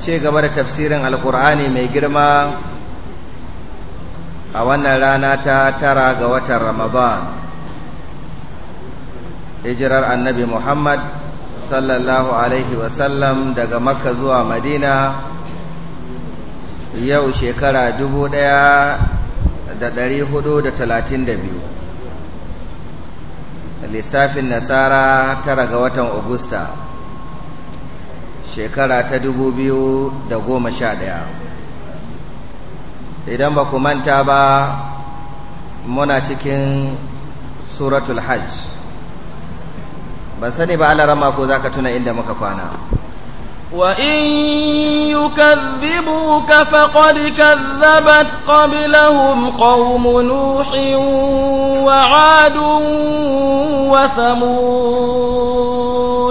ce gaba da tafsirin alkur'ani mai girma a wannan rana ta tara ga watan ramadan hijirar annabi muhammad sallallahu alaihi wasallam daga makka zuwa madina yau shekara dubu ɗaya da da talatin biyu lissafin nasara tara ga watan Agusta. shekara ta dubu biyu da goma sha ɗaya. idan ba ku manta ba muna cikin suratul hajj ban sani ba alarama ko za ka tuna inda muka kwana وإن يكذبوك فقد كذبت قبلهم قوم نوح وعاد وثمود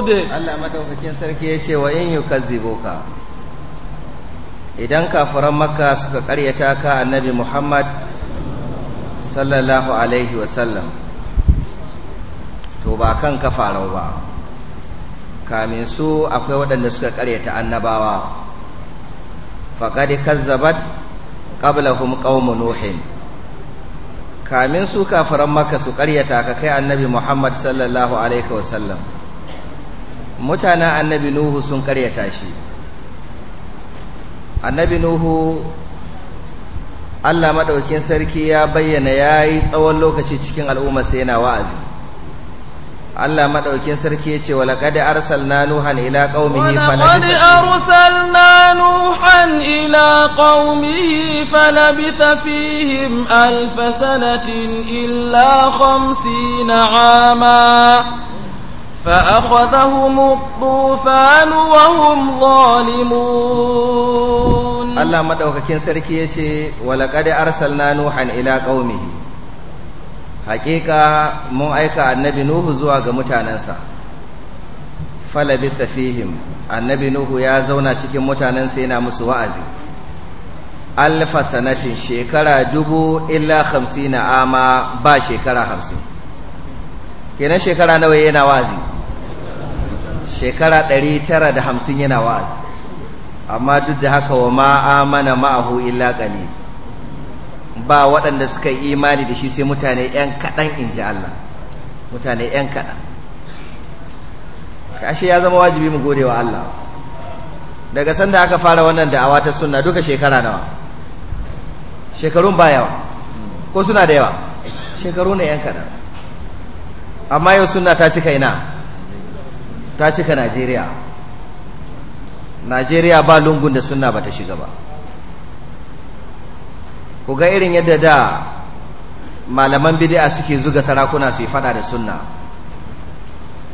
hude Allah madaukakin sarki ya ce wa in yukazzibuka idan kafiran makka suka karyata ka annabi muhammad sallallahu alaihi wasallam to ba kan ka farau ba kamin su akwai waɗanda suka karyata annabawa faqad kazzabat qablahum qaumu nuhin kamin su kafiran maka su karyata ka kai annabi Muhammad sallallahu alaihi wasallam mutanen annabi nuhu sun karyata shi annabi nuhu allah maɗaukin sarki ya bayyana ya yi tsawon lokaci cikin al'ummarsa yana wa'azi Allah maɗaukin sarki ya yace wa laqad arsalna nuhan ila ƙaumihi falabi arsalna nuhan ila qaumihi na'ama fihim illa ama فأخذهم الطوفان وهم ظالمون الله ما دوكاكين سركي ولقد أرسلنا نوحا إلى قومه حقيقة من أيكا النبي نوح زواج متانسا فلبث فيهم annabi Nuhu ya zauna cikin mutanen sa yana musu wa'azi alfa sanatin shekara dubu illa hamsin na ama ba shekara hamsin kenan shekara nawa yana wa'azi shekara 950 yana wa'azi amma duk da haka wa ma'amana ma'ahu illa ƙali ba waɗanda suka yi imani da shi sai mutane 'yan kaɗan in ji Allah mutane 'yan kaɗan ashe ya zama wajibi mu gode wa Allah daga sanda aka fara wannan da'awa ta suna duka shekara nawa shekarun ba yawa ko suna da yawa shekaru ne yan kaɗan amma yau suna ta cika ina ta cika najeriya najeriya ba lungun da sunna ba ta shiga ba ku ga irin yadda da malaman bidi'a suke zuga sarakuna su yi fada da sunna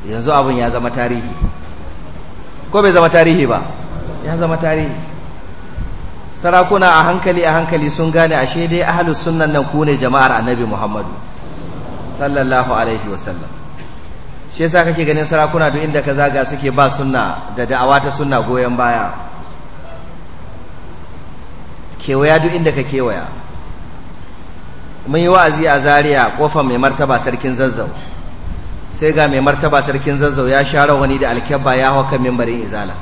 yanzu abin ya zama tarihi ko bai zama tarihi ba ya zama tarihi sarakuna a hankali a hankali sun gane ashe dai ahlus sunnan nan ku ne jama'ar annabi muhammadu sallallahu alaihi wasallam shi yasa kake ganin sarakuna duk inda ka zaga suke ba sunna da da'awa ta sunna goyon baya kewaya duk inda ka kewaya mun yi wa'azi a zaria kofa mai martaba sarkin zazzau sai ga mai martaba sarkin zazzau ya share wani da alkyabba ya hau kan mimbarin izala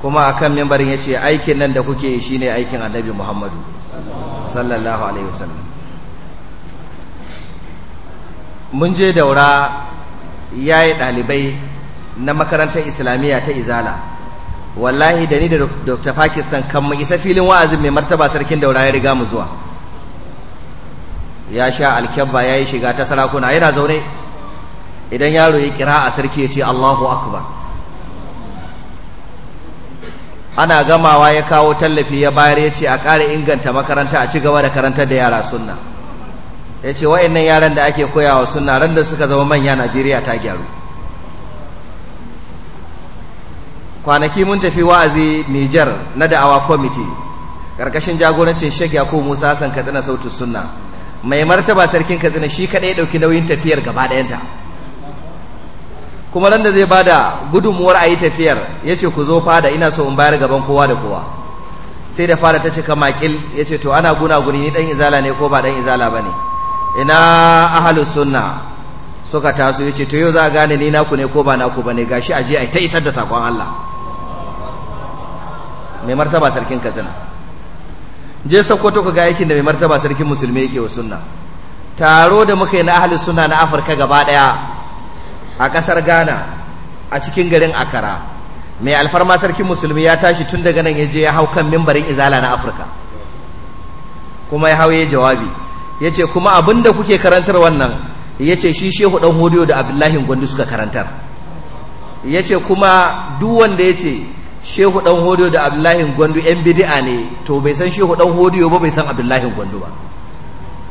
kuma a kan mimbarin ya ce aikin nan da kuke yi shine aikin annabi muhammadu sallallahu alaihi wasallam mun je daura ya yi ɗalibai na makarantar islamiyya ta izala wallahi da ni da dr pakistan kan mu isa filin wa'azin mai martaba sarkin daura ya riga mu zuwa ya sha alkyabba ya yi shiga ta sarakuna yana zaune idan yaro ya kira a sarki ya ce allahu akbar ana gamawa ya kawo tallafi ya bayar ya ce a ƙara inganta makaranta a ci gaba da karantar da yara sunna ya ce wa'annan yaran da ake koyawa suna ran da suka zama manya najeriya ta gyaru kwanaki mun tafi wa'azi niger na da'awa kwamiti ƙarƙashin jagorancin shek yakubu musa hassan katsina sautin sunna mai martaba sarkin katsina shi kaɗai ɗauki nauyin tafiyar gaba ɗayanta kuma ran da zai bada gudunmuwar a yi tafiyar ya ce ku zo fada ina so in bayar gaban kowa da kowa sai da fada ta cika makil ya ce to ana guna guni ni dan izala ne ko ba dan izala ba ne ina ahalu sunna suka taso yace to yau za a gane ni naku ne ko ba naku bane gashi aje ai ta isar da sakon Allah mai martaba sarkin Katsina je Sokoto ka ga aikin da mai martaba sarkin musulmi yake wa sunna taro da muka yi na ahlus sunna na Afirka gaba daya a kasar Ghana a cikin garin Akara mai alfarma sarkin musulmi ya tashi tun daga nan ya je ya hau kan mimbarin izala na Afirka kuma ya hau ya jawabi ya ce kuma abin kuke karantar wannan ya ce shi shehu ɗan hodiyo da abdullahi gwandu suka karantar ya ce kuma duk wanda ya ce shehu ɗan hodiyo da abdullahi gwandu yan bidi'a ne to bai san shehu ɗan hodiyo ba bai san abdullahi gwandu ba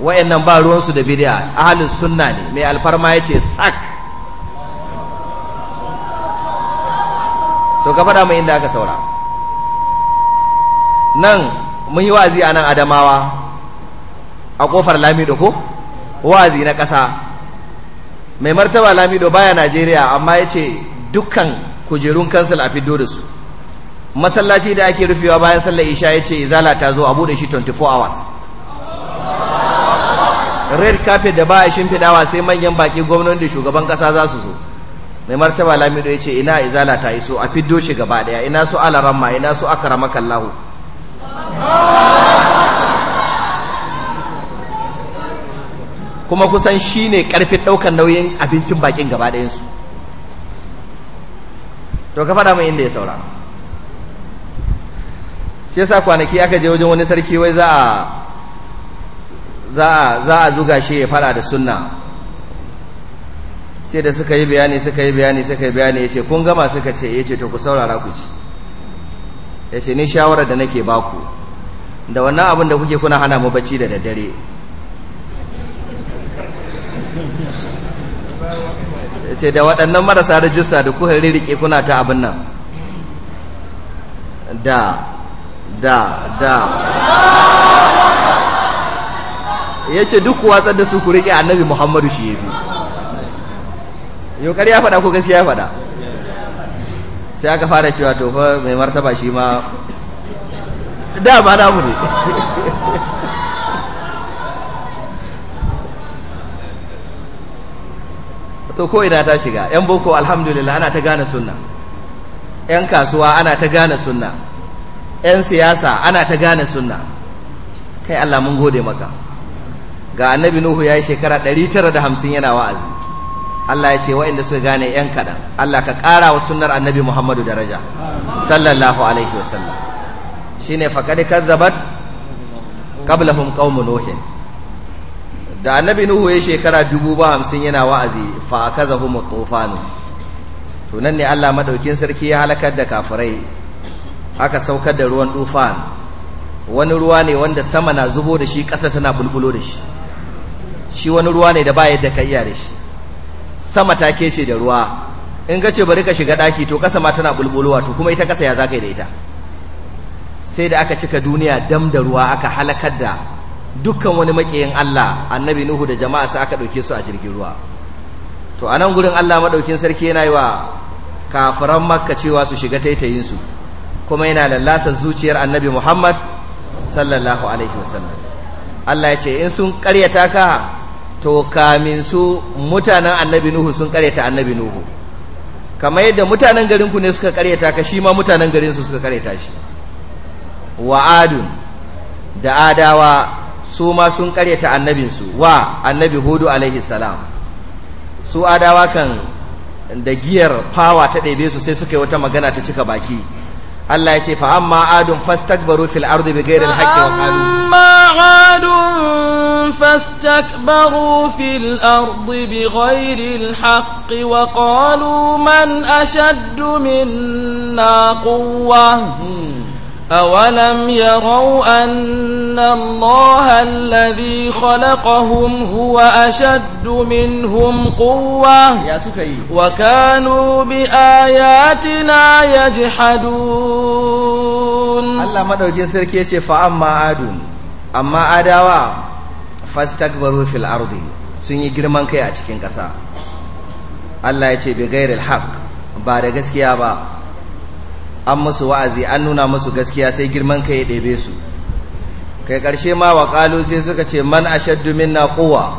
wa'annan ba ruwansu da bidi'a ahalin sunna ne mai alfarma ya ce sak to ka faɗa mai inda aka saura nan mun yi wa'azi a nan adamawa a kofar lamido ko wa'azi na ƙasa mai martaba lamido baya najeriya amma ya ce dukkan kujerun kansil a fiddo da su masallaci da ake rufewa bayan sallar isha ya ce izala ta zo a bude shi 24 hours red carpet da ba a shimfiɗawa sai manyan baki gwamnoni da shugaban ƙasa za su zo mai martaba lamido ya ce ina izala ta iso a fiddo shi gaba ɗaya ina su alaramma ina su akaramakallahu kuma kusan shi ne ƙarfin ɗaukar nauyin abincin bakin gaba ɗayansu to ka faɗa mai inda ya saura shi yasa kwanaki aka je wajen wani sarki wai za a za a zuga shi ya faɗa da sunna sai da suka yi bayani suka yi bayani suka yi bayani ya ce kun gama suka ce ya ce to ku saurara ku ci ya ce ni shawarar da nake baku da wannan abin da kuke kuna hana mu bacci da daddare ce da waɗannan marasa rajista da kuka ririke kuna ta abin nan da da da ya ce duk watsar da su ku riƙe annabi muhammadu shi ya fi yokar ya faɗa ko gaskiya ya faɗa sai aka fara cewa tofa fa mai martaba shi ma dama namu ne so ko ina ta shiga yan boko alhamdulillah ana ta gane sunna yan kasuwa ana ta gane sunna yan siyasa ana ta gane sunna kai Allah mun gode maka ga annabi nuhu yayi shekara 950 yana wa'azi Allah ya ce waɗanda suka gane yan kaɗan Allah ka ƙara wa sunnar annabi Muhammadu daraja sallallahu alaihi wasallam shine faqad kadzabat qablahum qaumun nuhin da annabi nuhu ya shekara dubu ba hamsin yana wa'azi fa a kaza humu tufanu to ne Allah Maɗaukin sarki ya halakar da kafirai aka saukar da ruwan tufan wani ruwa ne wanda sama na zubo da shi ƙasa tana bulbulo da shi shi wani ruwa ne da ba yadda ka iya da shi sama ta kece da ruwa in ka ce bari ka shiga ɗaki to ƙasa ma tana bulbulowa to kuma ita ƙasa ya za ka yi da ita sai da aka cika duniya dam da ruwa aka halakar da dukkan wani makiyin Allah annabi Nuhu da jama'a sa aka dauke su a jirgin ruwa to anan gurin Allah madaukin sarki yana yi wa kafiran Makka cewa su shiga taitayin su kuma yana lallasa zuciyar annabi Muhammad sallallahu alaihi wasallam Allah ya ce in sun karyata ka to kamin su mutanen annabi Nuhu sun karyata annabi Nuhu kamar yadda mutanen garin ku ne suka karyata ka shi ma mutanen garin su suka karyata shi wa'adun da adawa su ma sun karyata annabinsu wa annabi hudu alaihi salam su adawa kan da giyar fawa ta ɗebe su sai suka yi wata magana ta cika baki Allah ya ce fa amma adun fastakbaru fil ardi bighairi alhaqqi wa qalu amma adun fastakbaru fil ardi bighairi alhaqqi wa qalu man ashaddu minna quwwa hmm. أولم يروا أن الله الذي خلقهم هو أشد منهم قوة وكانوا بآياتنا يجحدون الله ما دوجي سركي يتي فأما آدو أما آدوا فاستكبروا في الأرض سني جرمان كي أتشكين كسا الله يتي بغير الحق بعد غسكي أبا an musu wa'azi an nuna musu gaskiya sai girman kai ya ɗebe su kai ƙarshe ma wa ƙalu sai suka ce man a shaddu minna kowa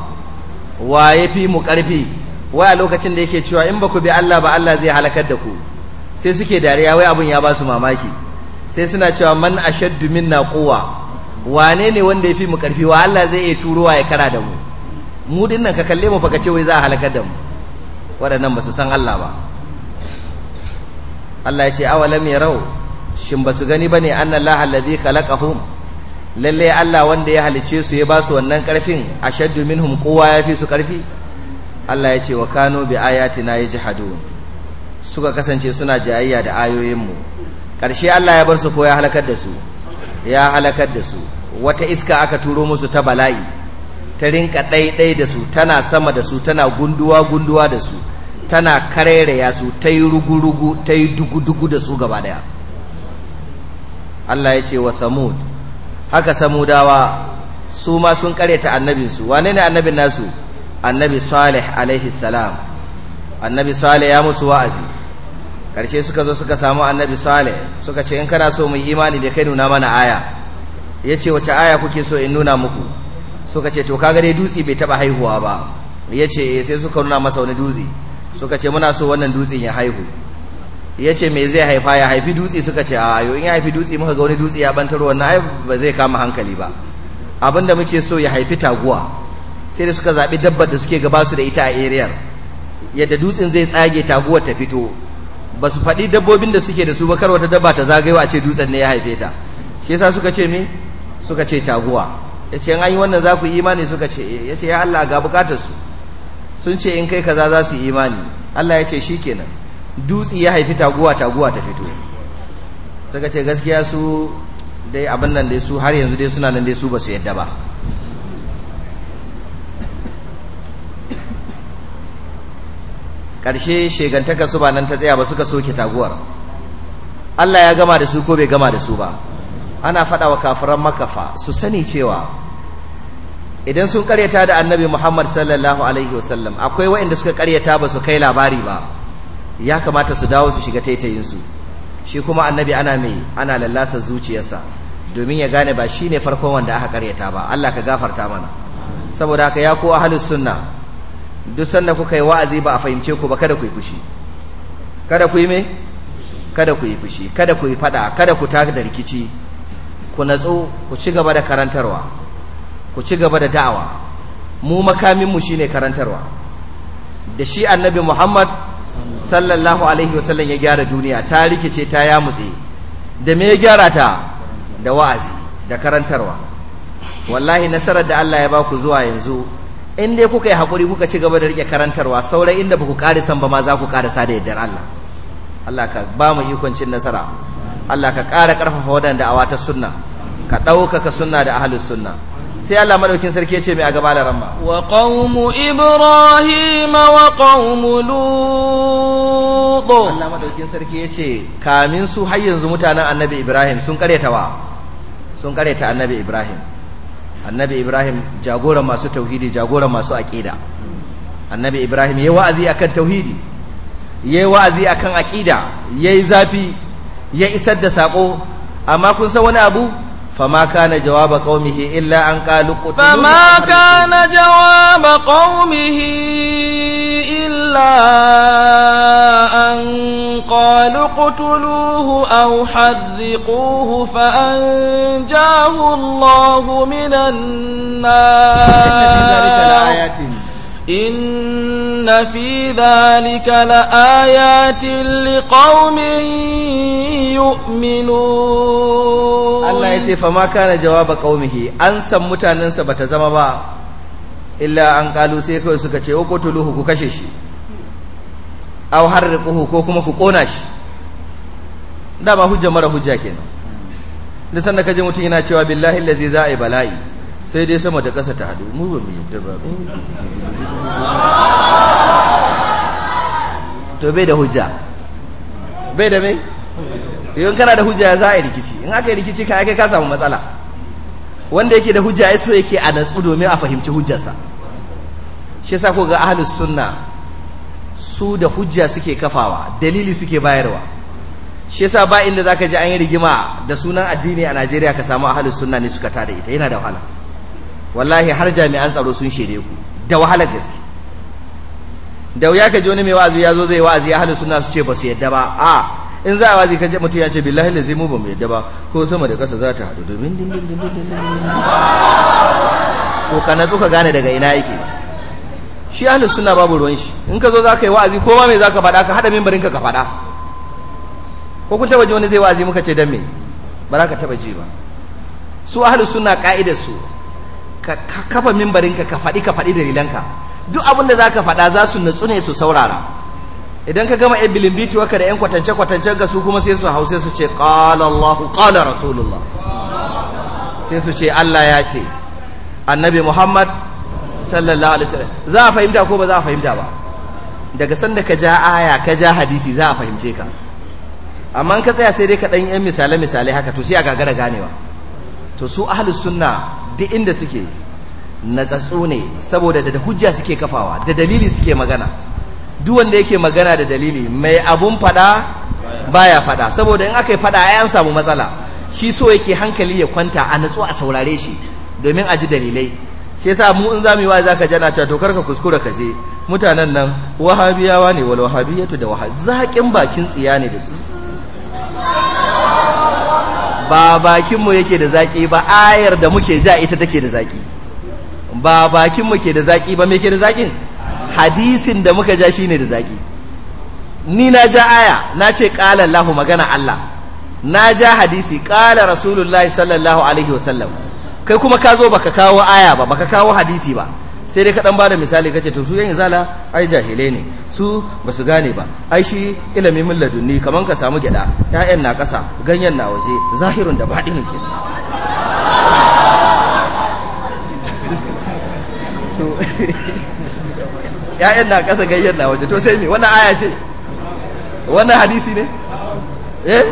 wa ya fi mu ƙarfi wai a lokacin da yake cewa in ba ku bi Allah ba Allah zai halakar da ku sai suke dariya wai abun ya ba su mamaki sai suna cewa man a shaddu minna kowa wane ne wanda ya fi mu ƙarfi wa Allah zai iya turowa ya kara da mu mu dinnan ka kalle mu fa ka ce wai za a halakar da mu waɗannan ba su san Allah ba Allah ya ce awalam yarau shin basu gani ba ne bane annallaha allazi khalaqahum lalle Allah wanda ya halice su ya ba su wannan karfin ashaddu minhum kowa ya fi su karfi Allah ya ce wa kano bi ayatina yajhadun suka kasance suna jayayya da ayoyinmu karshe Allah ya bar su ko ya halakar da su ya halakar da su wata iska aka turo musu ta bala'i ta rinka ɗaiɗai da su tana sama da su tana gunduwa gunduwa da su tana ya su ta yi rugu-rugu ta yi dugu-dugu da su gaba daya Allah ya ce wa samud haka samudawa su ma sun karyata annabinsu wane ne annabin nasu annabi salih alaihi salam annabi salih ya musu wa'azi karshe suka zo suka samu annabi salih suka ce in kana so mu imani da kai nuna mana aya ya ce wace aya kuke so in nuna muku suka ce to kaga dai dutse bai taba haihuwa ba ya ce eh, sai suka nuna masa wani dutse suka ce muna so wannan dutsen ya haihu ya ce me zai haifa ya haifi dutse suka ce a yau in ya haifi dutse muka ga wani dutse ya bantar wannan ai ba zai kama hankali ba abinda muke so ya haifi taguwa sai da suka zaɓi dabbar da suke gaba su da ita a ariyar yadda dutsen zai tsage taguwar ta fito ba su faɗi dabbobin da suke da su bakar wata dabba ta zagayo a ce dutsen ne ya haife ta shi yasa suka ce me suka ce taguwa ya ce an yi wannan za ku imani suka ce eh. ya ce ya Allah ga bukatar su sun ce in kai kaza za su imani Allah ya ce shi kenan. dutsi ya haifi taguwa taguwa ta fito suka ce gaskiya su dai abin nan dai su har yanzu dai suna nan dai su ba su yadda ba ƙarshe shegantaka su ba nan ta tsaya ba suka soke taguwar Allah ya gama da su ko bai gama da su ba ana faɗa wa kafiran makafa su sani cewa idan sun karyata da annabi Muhammad sallallahu alaihi wasallam akwai waɗanda suka karyata ba su kai labari ba ya kamata su dawo su shiga taitayinsu. shi kuma annabi ana mai ana lallasa zuciyarsa domin ya gane ba shi ne farkon wanda aka karyata ba Allah ka gafarta mana saboda haka ya ko ahlus sunna duk sanda kuka yi wa'azi ba a fahimce ku ba kada ku yi fushi kada ku yi me kada ku yi fushi kada ku yi fada kada ku ta da rikici ku natsu ku ci gaba da karantarwa ku ci gaba da da'awa mu makaminmu shine karantarwa da shi annabi muhammad sallallahu alaihi wasallam ya gyara duniya ta rikice ta yamutse da me ya gyara ta da wa'azi da karantarwa wallahi nasarar da Allah ya baku zuwa yanzu in kuka yi hakuri kuka ci gaba da rike karantarwa saurai inda baku kare san ba ma za ku ƙarasa da yardar Allah Allah ka ba mu ikon cin nasara Allah ka ƙara ƙarfafa waɗanda wata sunna ka ɗaukaka sunna da ahlus sunna sai Allah madaukin sarki ya ce mai a gaba da ramma wa qaumu ibrahim wa qaumu lut Allah madaukin sarki ya ce kamin su har yanzu mutanen annabi ibrahim sun kareta wa sun kareta annabi ibrahim annabi ibrahim jagoran masu tauhidi jagoran masu aqida annabi ibrahim yayi wa'azi akan tauhidi yayi wa'azi akan aqida yayi zafi ya isar da sako amma kun san wani abu فما كان جواب قومه إلا أن قالوا قتلوا فما كان جواب قومه إلا أن قالوا اقتلوه أو حذقوه فأنجاه الله من النار إن في ذلك لآيات لقوم يؤمنون ya ce fama kana jawaba qaumihi an san mutanensa bata zama ba illa an kalu sai kai suka ce ko uqtuluhu ku kashe shi aw harriquhu ko kuma ku kona shi da ba hujja mara hujja kenan da sanda kaje mutum yana cewa billahi allazi za'i bala'i sai dai sama da kasa ta hadu mu ba mu yadda ba to bai da hujja bai da mai in kana da hujja za a yi rikici in aka yi rikici ka kai ka samu matsala wanda yake da hujja ya so yake a natsu domin a fahimci hujjarsa shi sa ko ga ahlus sunna su da hujja suke kafawa dalili suke bayarwa shi sa ba inda zaka ji an yi rigima da sunan addini a Najeriya ka samu ahlus sunna ne suka tada ita yana da wahala wallahi har jami'an tsaro sun shede ku da wahalar gaske da wuya ka ji wani mai wa'azi ya zo zai wa'azi ahlus sunna su ce ba su yadda ba a in za a wazi je mutum ya ce billahi lazi mu ba mu yadda ba ko sama da ƙasa za ta haɗu domin gane daga ina yake shi ahlus sunna babu ruwan shi in ka zo za ka wa'azi ko ma me za ka faɗa ka haɗa mimbarin ka ko kun taɓa ji wani zai wa'azi muka ce dan me ba ka taɓa ji ba su ahlus sunna su ka kafa mimbarin ka ka faɗi ka faɗi ka duk abin da za ka faɗa za su natsu ne su saurara idan ka gama ibilin bitu waka da yan kwatance kwatance ga su kuma sai su hause su ce ƙalallahu Allah rasulullah sai su ce Allah ya ce annabi Muhammad sallallahu alaihi wasallam za a fahimta ko ba za a fahimta ba daga sanda ka ja aya ka ja hadisi za a fahimce ka amma ka tsaya sai dai ka ɗan yan misale misale haka to sai a gagara ganewa to su ahlus sunna duk inda suke natsatsu ne saboda da hujja suke kafawa da dalili suke magana duk wanda yake magana da dalili mai abun fada baya fada saboda in aka yi fada a yan samu matsala shi so yake hankali ya kwanta a natsu a saurare shi domin a ji dalilai sai yasa mu in zamu yi wa zaka jana ta to karka kuskura ka je mutanen nan wahabiyawa ne wal wahabiyatu da wahab zaƙin bakin tsiya ne da su ba bakin mu yake da zaki ba ayar da muke ja ita take da zaki ba bakin mu ke da zaki ba me ke da zakin hadisin da muka ja shine da zaki ni na ja aya na ce qala Allahu magana Allah na ja hadisi qala rasulullahi sallallahu alaihi wasallam kai kuma ka zo baka kawo aya ba baka kawo hadisi ba sai dai ka ba bada misali kace to su yan zala ai jahilai ne su basu gane ba ai shi ilimin min ladunni kaman ka samu gida ƴaƴan na ƙasa ganyen na waje zahirun da baɗinin ke to yayan na ƙasa gayyar na waje to sai me wani aya ce wani hadisi ne eh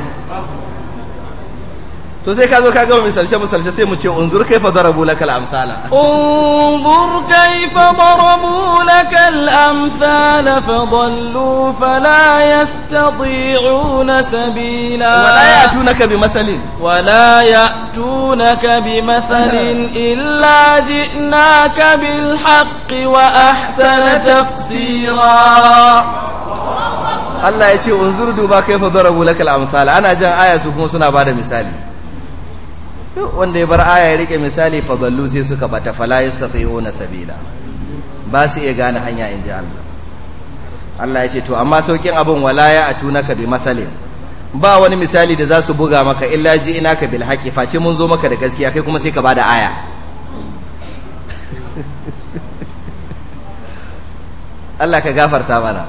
to sai ka zo ka gama misalce misalce sai mu ce unzur kaifa darabu lakal amsala unzur fa darabu lakal amsala fa dallu fala yastati'una sabila wala yatunaka bi masalin wala yatunaka bi masalin illa ji'naka bil haqqi wa ahsana tafsira Allah ya ce unzur duba kaifa darabu lakal amsala ana jan aya su kuma suna bada misali duk wanda ya bar aya ya rike misali fadallu sai suka bata fala na sabila ba su iya gane hanya inji Allah Allah ya ce to amma saukin abin walaya a ka bi masalin ba wani misali da za su buga maka illa ji ina ka bil haƙi face mun zo maka da gaskiya kai kuma sai ka bada aya Allah ka gafarta mana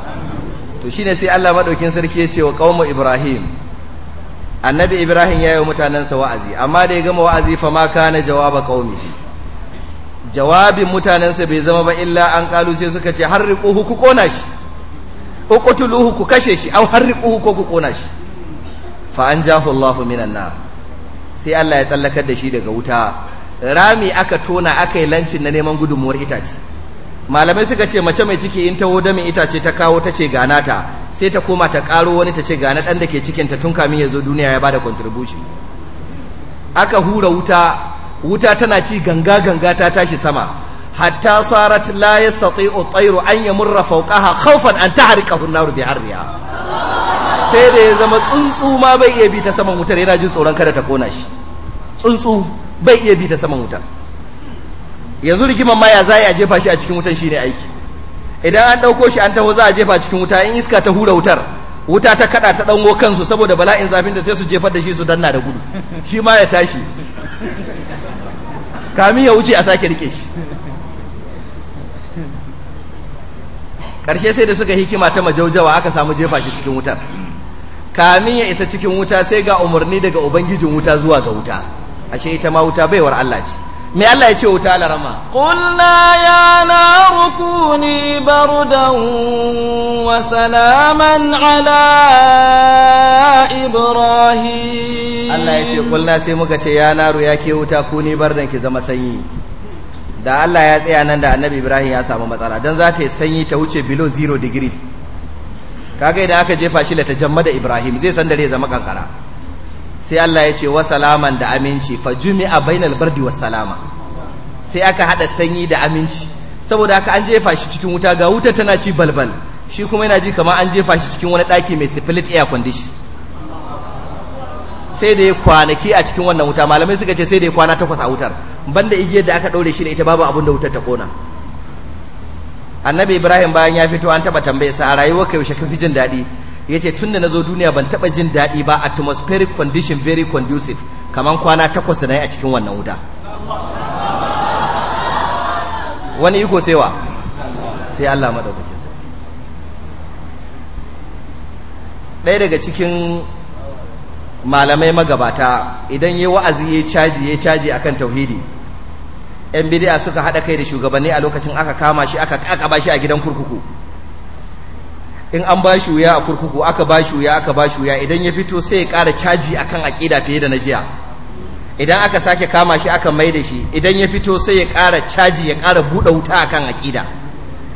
to shine sai Allah madaukin sarki ya ce wa qaumu Ibrahim annabi ibrahim ya yi wa mutanensa wa'azi amma da ya gama wa'azi fa ma kana jawaba ƙaumihi jawabin mutanensa bai zama ba illa an ƙalu sai suka ce riƙo ku ƙona shi uqtuluhu ku kashe shi har riƙo huku ku kona shi fa anjahu Allahu minan na sai Allah ya tsallakar da shi daga wuta rami aka tona aka yi lancin na neman gudunmuwar itace malamai suka ce mace mai ciki in ta da ita itace ta kawo ta ce gana ta sai ta koma ta karo wani ta ce gana dan da ke cikin ta tun kamin ya zo duniya ya bada contribution aka hura wuta wuta tana ci ganga ganga ta tashi sama hatta sarat la yastati'u tayru an yamurra fawqaha khawfan an tahriqa an-nar bi sai da ya zama tsuntsu ma bai iya bi ta saman wutar yana jin tsoron kada ta kona shi tsuntsu bai iya bi ta saman wutar yanzu rikiman ma ya za a jefa shi a cikin wutan shine aiki idan an ɗauko shi an taho za a jefa cikin wuta in iska ta hura wutar wuta ta kada ta ɗango kansu saboda bala'in zafin da sai su jefar da shi su danna da gudu shi ma ya tashi kamin ya wuce a sake rike shi ƙarshe sai da suka hikima ta majaujawa aka samu jefa shi cikin wutar kamin ya isa cikin wuta sai ga umarni daga ubangijin wuta zuwa ga wuta ashe ita ma wuta baiwar Allah ce me Allah ya ce wuta larama qulna ya naru kuni bardan wa salaman ala ibrahim Allah ya ce qulna sai muka ce ya naru ya ke wuta ni bardan ki zama sanyi da Allah ya tsaya nan da annabi ibrahim ya samu matsala dan za ta yi sanyi ta wuce below zero degree kaga idan aka jefa shi la tajammada ibrahim zai san dare zama kankara sai Allah ya ce wa salaman da aminci fa jumi'a bainal bardi was salama sai aka hada sanyi da aminci saboda haka an jefa shi cikin wuta ga wutar tana ci balbal shi kuma yana ji kamar an jefa shi cikin wani daki mai split air condition sai da ya kwanaki a cikin wannan wuta malamai suka ce sai da ya kwana takwas a wutar banda igiyar da aka daure shi da ita babu abin da wutar ta kona annabi ibrahim bayan ya fito an taba tambaye sa a rayuwar ka yaushe ka fi jin daɗi ya ce tun da na zo duniya ban taɓa jin daɗi ba atmospheric condition very conducive kamar kwana takwas da na yi a cikin wannan wuta wani iko sewa sai Allah maɗaukakin sai ɗaya daga cikin malamai magabata idan ya wa'azi ya caji ya caji akan tauhidi yan bidiya suka haɗa kai da shugabanni a lokacin aka kama shi aka kakaba shi a gidan kurkuku in an ba shi wuya a kurkuku aka ba shi wuya aka ba shi wuya idan ya fito sai ya ƙara caji akan aƙida fiye da na jiya idan aka sake kama shi aka mai da shi idan ya fito sai ya ƙara caji ya ƙara buɗe wuta akan aƙida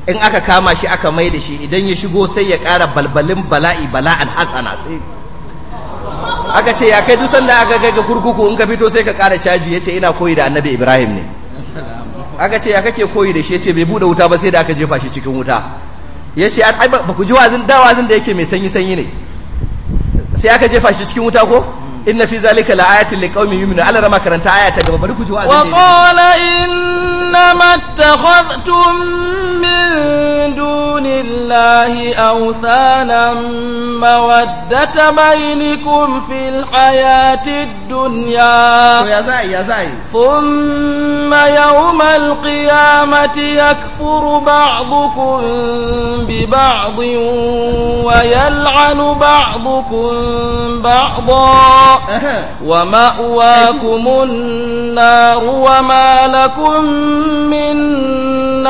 in aka kama shi aka mai da shi idan ya shigo sai ya ƙara balbalin bala'i bala'an hasana sai aka ce ya kai duk sanda aka kai ga kurkuku in ka fito sai ka ƙara caji ya ce ina koyi da annabi ibrahim ne aka ce ya kake koyi da shi ya ce bai buɗe wuta ba sai da aka jefa shi cikin wuta ya ce an ba ku ji wazin da wazin da yake mai sanyi sanyi ne sai aka jefa shi cikin wuta ko inna fi zalika la ayatin liqaumin yu'minun Allah rama karanta aya gaba bari ku ji wa'azin da yake wa qala inna دون الله أوثانا مودة بينكم في الحياة الدنيا ثم يوم القيامة يكفر بعضكم ببعض ويلعن بعضكم بعضا ومأواكم النار وما لكم من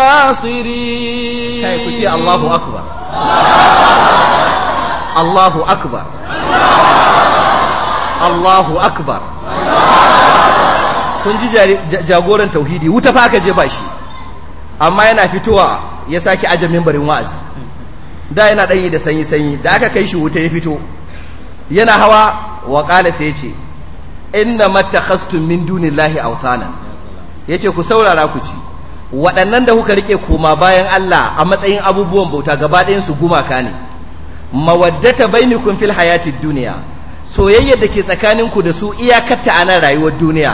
kai ku ce Allahu akbar Allahu akbar Allahu akbar kun ji jagoran tauhidi wuta fa ka je ba shi amma yana fitowa ya sake aje membarin wa'azi da yana ɗanyi da sanyi sanyi da aka kai shi wuta ya fito yana hawa wa ƙala sai ce inna matakhastum min dunillahi awthana yace ku saurara ku ci waɗannan da kuka rike koma bayan Allah a matsayin abubuwan bauta gaba ɗayan su gumaka ne mawaddata bainakum fil hayatid duniya soyayya da ke tsakaninku da su iyakarta ta ana rayuwar duniya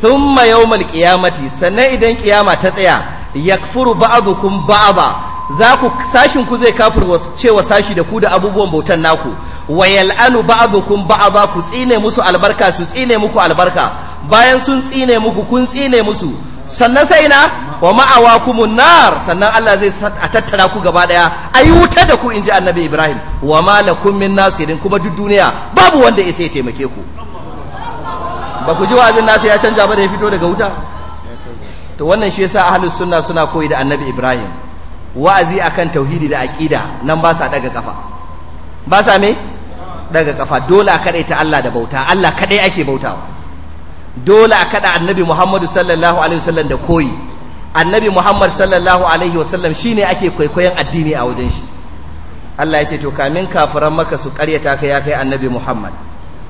thumma yawmal qiyamati sannan idan kiyama ta tsaya yakfuru ba'dukum ba'da za ku sashin ku zai kafir cewa sashi da ku da abubuwan bautan naku wa yal'anu ba'dukum ba ku tsine musu albarka su tsine muku albarka bayan sun tsine muku kun tsine musu sannan sai na wa ma'awa kumun nar sannan Allah zai a tattara ku gaba daya a yi wuta da ku in ji annabi Ibrahim wa malakum min nasirin kuma duk duniya babu wanda isa ya taimake ku ba ku ji wa'azin nasu ya canja ba da ya fito daga wuta to wannan shi yasa ahlus sunna suna koyi da annabi Ibrahim wa'azi akan tauhidi da aqida nan ba sa daga kafa ba sa me daga kafa dole a ta Allah da bauta Allah kadai ake bautawa dole a kada annabi muhammadu sallallahu alaihi wasallam da koyi annabi muhammad sallallahu alaihi wasallam shine ake kwaikwayon addini a wajen shi Allah ya ce to kamin kafiran maka su karyata ka ya kai annabi muhammad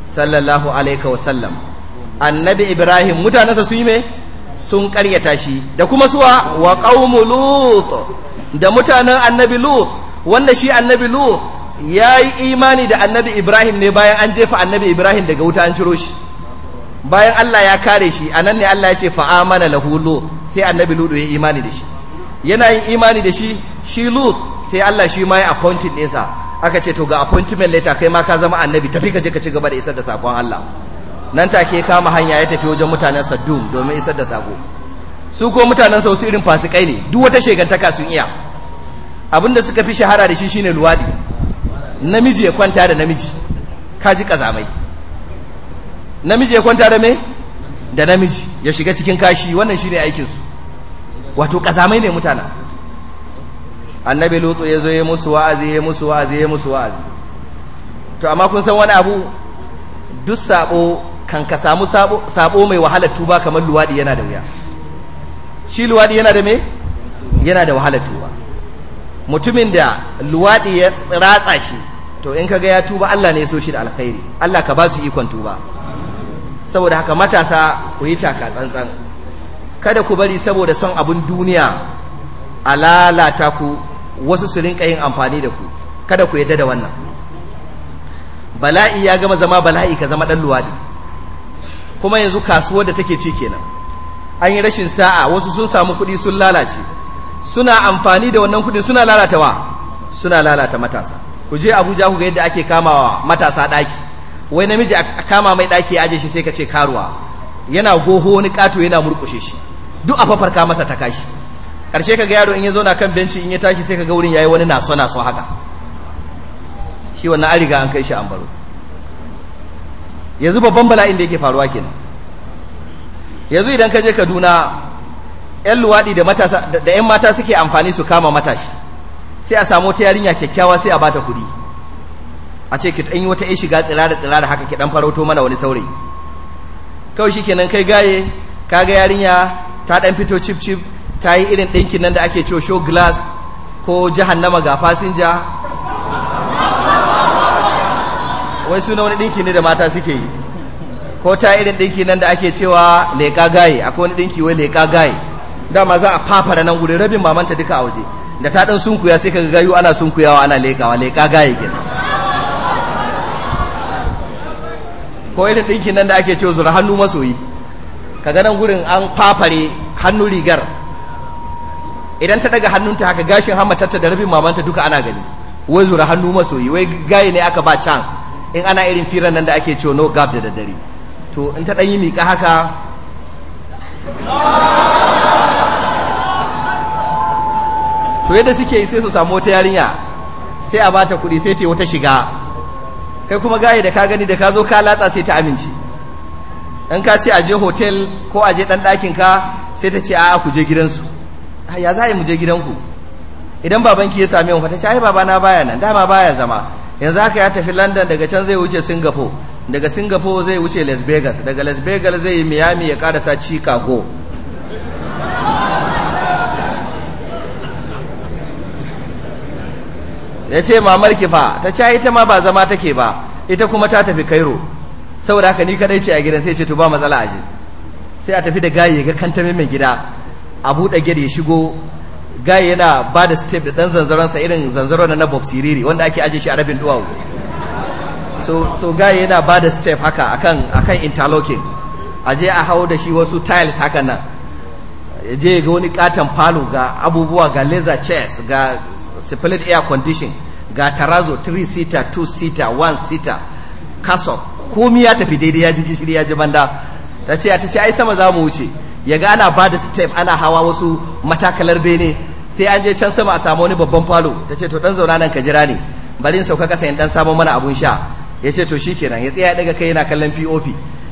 sallallahu alaihi wasallam annabi ibrahim mutanensa su yi me sun karyata shi da kuma suwa wa qaumu lut da mutanen annabi lut wanda shi annabi lut ya yi imani da annabi ibrahim ne bayan an jefa annabi ibrahim daga wuta an ciro shi bayan Allah ya kare shi a nan ne Allah ya ce fa'amana lahu lut sai annabi lut ya imani da shi yana yin imani da shi shi lut sai Allah shi ma ya appointing ɗinsa aka ce to ga appointment letter kai ma ka zama annabi tafi ka je ka ci gaba da isar da sakon Allah nan ta ke kama hanya ya tafi wajen mutanen Saddum domin isar da sako su ko mutanen sau wasu irin fasikai ne duk wata shegantaka sun iya abinda suka fi shahara da shi shine luwadi namiji ya kwanta da namiji ka ji kazamai namiji ya kwanta da me da namiji ya shiga cikin kashi wannan shine ne aikinsu wato kazamai ne mutana annabi lutu ya zo ya musu wa'azi ya musu wa'azi ya musu wa'azi to amma kun san wani abu duk sabo kan ka samu sabo mai wahalar tuba kamar luwadi yana da wuya shi luwadi yana da me yana da wahalar tuba mutumin da luwadi ya ratsa shi to in ga ya tuba Allah ne ya so shi da alkhairi Allah ka ba su ikon tuba saboda haka matasa ku yi taka tsantsan kada ku bari saboda son abin duniya a lalata ku wasu su rinka yin amfani da ku kada ku yadda da wannan bala'i ya gama zama bala'i ka zama ɗan luwaɗi kuma yanzu kasuwar da take ci kenan an yi rashin sa'a wasu sun samu kuɗi sun lalace suna amfani da wannan kuɗi suna lalatawa suna lalata matasa ku je abuja ku ga yadda ake kamawa matasa ɗaki wai namiji a kama mai ɗaki ya aje shi sai ka ce karuwa yana goho wani ƙato yana murƙushe shi duk a fafarka masa ta kashi ƙarshe ka ga yaro in ya zauna kan benci in ya tashi sai ka ga wurin yayi wani naso naso haka shi wannan an riga an kai shi an baro yanzu babban bala'in da yake faruwa kenan yanzu idan ka je kaduna yan luwaɗi da matasa da yan mata suke amfani su kama matashi sai a samu ta yarinya kyakkyawa sai a bata kuɗi a ce ki ɗan yi wata 'yan shiga tsirara tsirara haka ki ɗan farauto mana wani saurayi kawai shi kenan kai gaye ka ga yarinya ta ɗan fito cip cip ta yi irin ɗinkin nan da ake cewa show glass ko jahannama ga fasinja wai suna wani ɗinki ne da mata suke yi ko ta irin ɗinki nan da ake cewa leƙa gaye akwai wani ɗinki wai leƙa gaye dama za a fafara nan gudun rabin mamanta duka a waje da ta ɗan sunkuya sai ka gayu ana sunkuyawa ana leƙawa leƙa gaye kenan ko irin ɗinkin nan da ake ce zura hannu masoyi ka ganin gurin an fafare hannu rigar idan ta daga hannunta haka gashin hamatarta da rabin mamanta duka ana gani wai zura hannu masoyi wai gaye ne aka ba chance in ana irin firan nan da ake ce no gab da daddare to in ta ɗan yi miƙa haka to yadda suke yi sai su samu wata yarinya sai a bata kuɗi sai ta yi wata shiga kai kuma gaye da ka gani da ka zo ka latsa sai ta amince in ka ce a je hotel ko a je ɗan ɗakin ka sai ta ce a'a ku je gidansu ah, ya za a yi mu je gidanku idan babanki ya same mu fa ta ce ai babana baya nan dama baya zama yanzu haka ya tafi london daga can zai wuce singapore daga singapore zai wuce las vegas daga las vegas zai yi miami ya karasa chicago ya ce mamar kifa ta ce ita ma ba zama take ba ita kuma ta tafi kairo saboda haka ni kadai ce a gidan sai ce to ba matsala aje sai a tafi da gaye ga kanta mai gida a buɗe gari ya shigo gaye yana ba da step da ɗan sa irin zanzaron na bob siriri wanda ake aje shi a rabin duwawu so, so gaye yana ba da step haka akan akan interlocking aje a hau da shi wasu tiles haka nan ya je ga wani katon falo ga abubuwa ga laser chairs ga split air condition ga tarazo 3 seater 2 seater 1 seater kaso komi ya tafi daidai ya ji gishiri ya ji banda ta ce ta ce ai sama za mu wuce ya ga ana ba da step ana hawa wasu matakalar bene sai an je can sama a samu wani babban falo ta ce to dan zauna nan ka jira ne bari in sauka kasa in dan samu mana abun sha ya ce to kenan ya tsaya daga kai yana kallon pop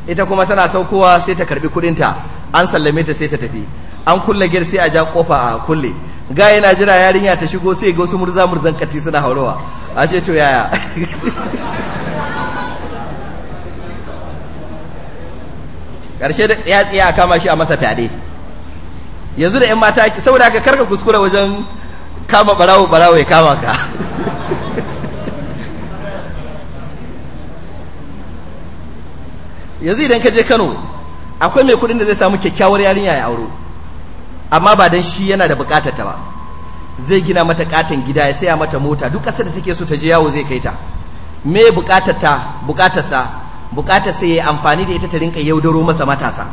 ita kuma tana saukowa sai ta karbi kudinta an sallame ta sai ta tafi an kulle gir sai a ja kofa a kulle ga yana jira yarinya ta shigo sai ga wasu murza murzan kati suna haurawa a ce to yaya karshe da ya tsaya a kama shi a masa fyaɗe yanzu da yan mata saboda ka karka kuskura wajen kama barawo barawo ya kama ka yanzu idan ka je Kano akwai mai kuɗin da zai samu kyakkyawar yarinya ya auro amma ba dan shi yana da bukatar ta ba zai gina mata katon gida ya saya mata mota duk ƙasar da take so ta je yawo zai kai ta me bukatar ta bukatar sa bukatar sa yayi amfani da ita ta rinka yaudaro masa matasa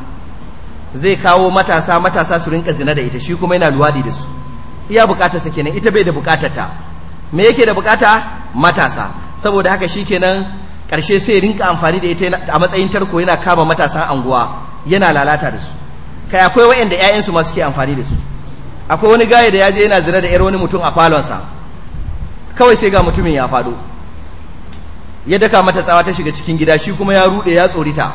zai kawo matasa matasa su rinka zina da ita shi kuma yana luwadi da su iya bukatar sa kenan ita bai da bukatar ta me yake da bukata matasa saboda haka shikenan karshe sai rinka amfani da ita a matsayin tarko yana kama matasan anguwa yana lalata da su kai akwai waɗanda ƴaƴansu ma suke amfani da su akwai wani gaya da ya je yana zina da ƴar wani mutum a falonsa kawai sai ga mutumin ya faɗo ya daka mata tsawa ta shiga cikin gida shi kuma ya rude ya tsorita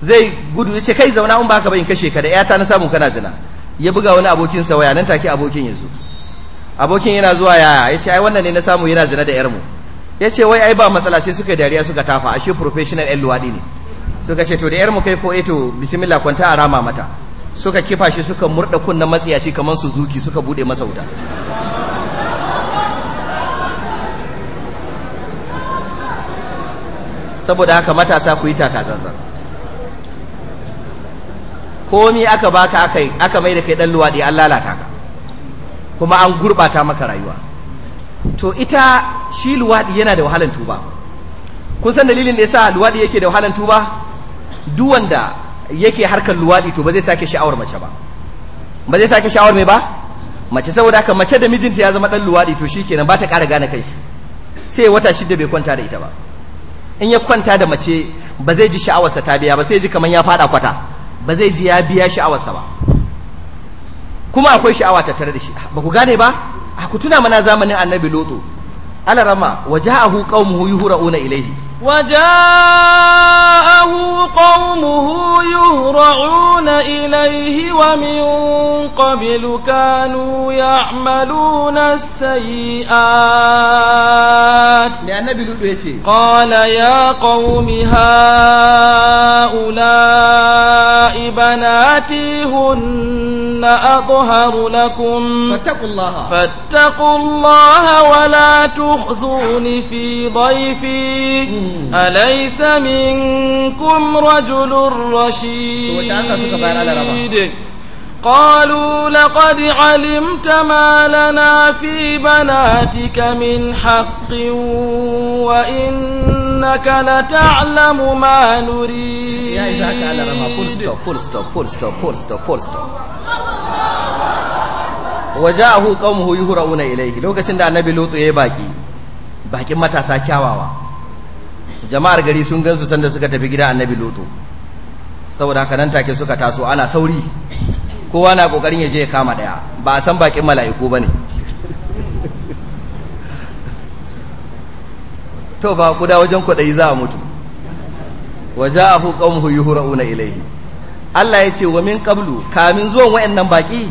zai gudu ya ce kai zauna in baka ba in kashe ka da ƴata na samu kana zina ya buga wani abokinsa waya nan take abokin ya abokin yana zuwa yaya ya ce ai wannan ne na samu yana zina da ƴarmu. mu ya ce wai ai ba matsala sai suka dariya suka tafa ashe professional yan luwaɗi ne suka ce to da yar mu kai ko eto eh, bismillah kwanta a rama mata suka kifa shi suka murda kunna matsiyaci kamar su zuki suka bude masa wuta saboda haka matasa ku yi taka takatsantsan komi aka baka aka mai da kai dan luwaɗi an lalata ka kuma an gurɓata maka rayuwa to ita shi luwaɗi yana da wahalan tuba kun san dalilin da ya sa luwaɗi yake da wahalan tuba duk wanda yake harkar luwaɗi to ba zai sake sha'awar mace ba ba zai sake sha'awar mai ba mace saboda haka mace da mijinta ya zama dan luwaɗi to shikenan ba ta ƙara gane kai sai wata shida bai kwanta da ita ba in ya kwanta da mace ba zai ji sha'awarsa ta biya ba sai ji kamar ya faɗa kwata ba zai ji ya biya sha'awarsa ba kuma akwai sha'awa tare da shi ba ku gane ba a ah, ku tuna mana zamanin annabi loto alarama wa qaumuhu yuhra'una ilayhi وجاءه قومه يهرعون إليه ومن قبل كانوا يعملون السيئات قال يا قوم هؤلاء بناتي هن أظهر لكم فاتقوا الله فاتقوا الله ولا تخزوني في ضيفي Halaisan min kumrojulurushi. Ƙalulakwari ne kalin ta mala na fi bana tikamin haƙƙi wa in na kana ta lamu mahanurushi. Waje a huɗu ƙan ilaihi lokacin da annabi bi lotto baki bakin matasa kyawawa jama'ar gari sun gansu sanda suka tafi gida annabi lutu saboda haka nan take suka taso ana sauri kowa na kokarin ya je ya kama daya ba a san bakin mala'iku bane to ba kuda wajen kwadayi za a mutu waja'ahu qaumuhu yuhra'una ilayhi Allah ya ce wa min qablu kamin zuwan wayannan baƙi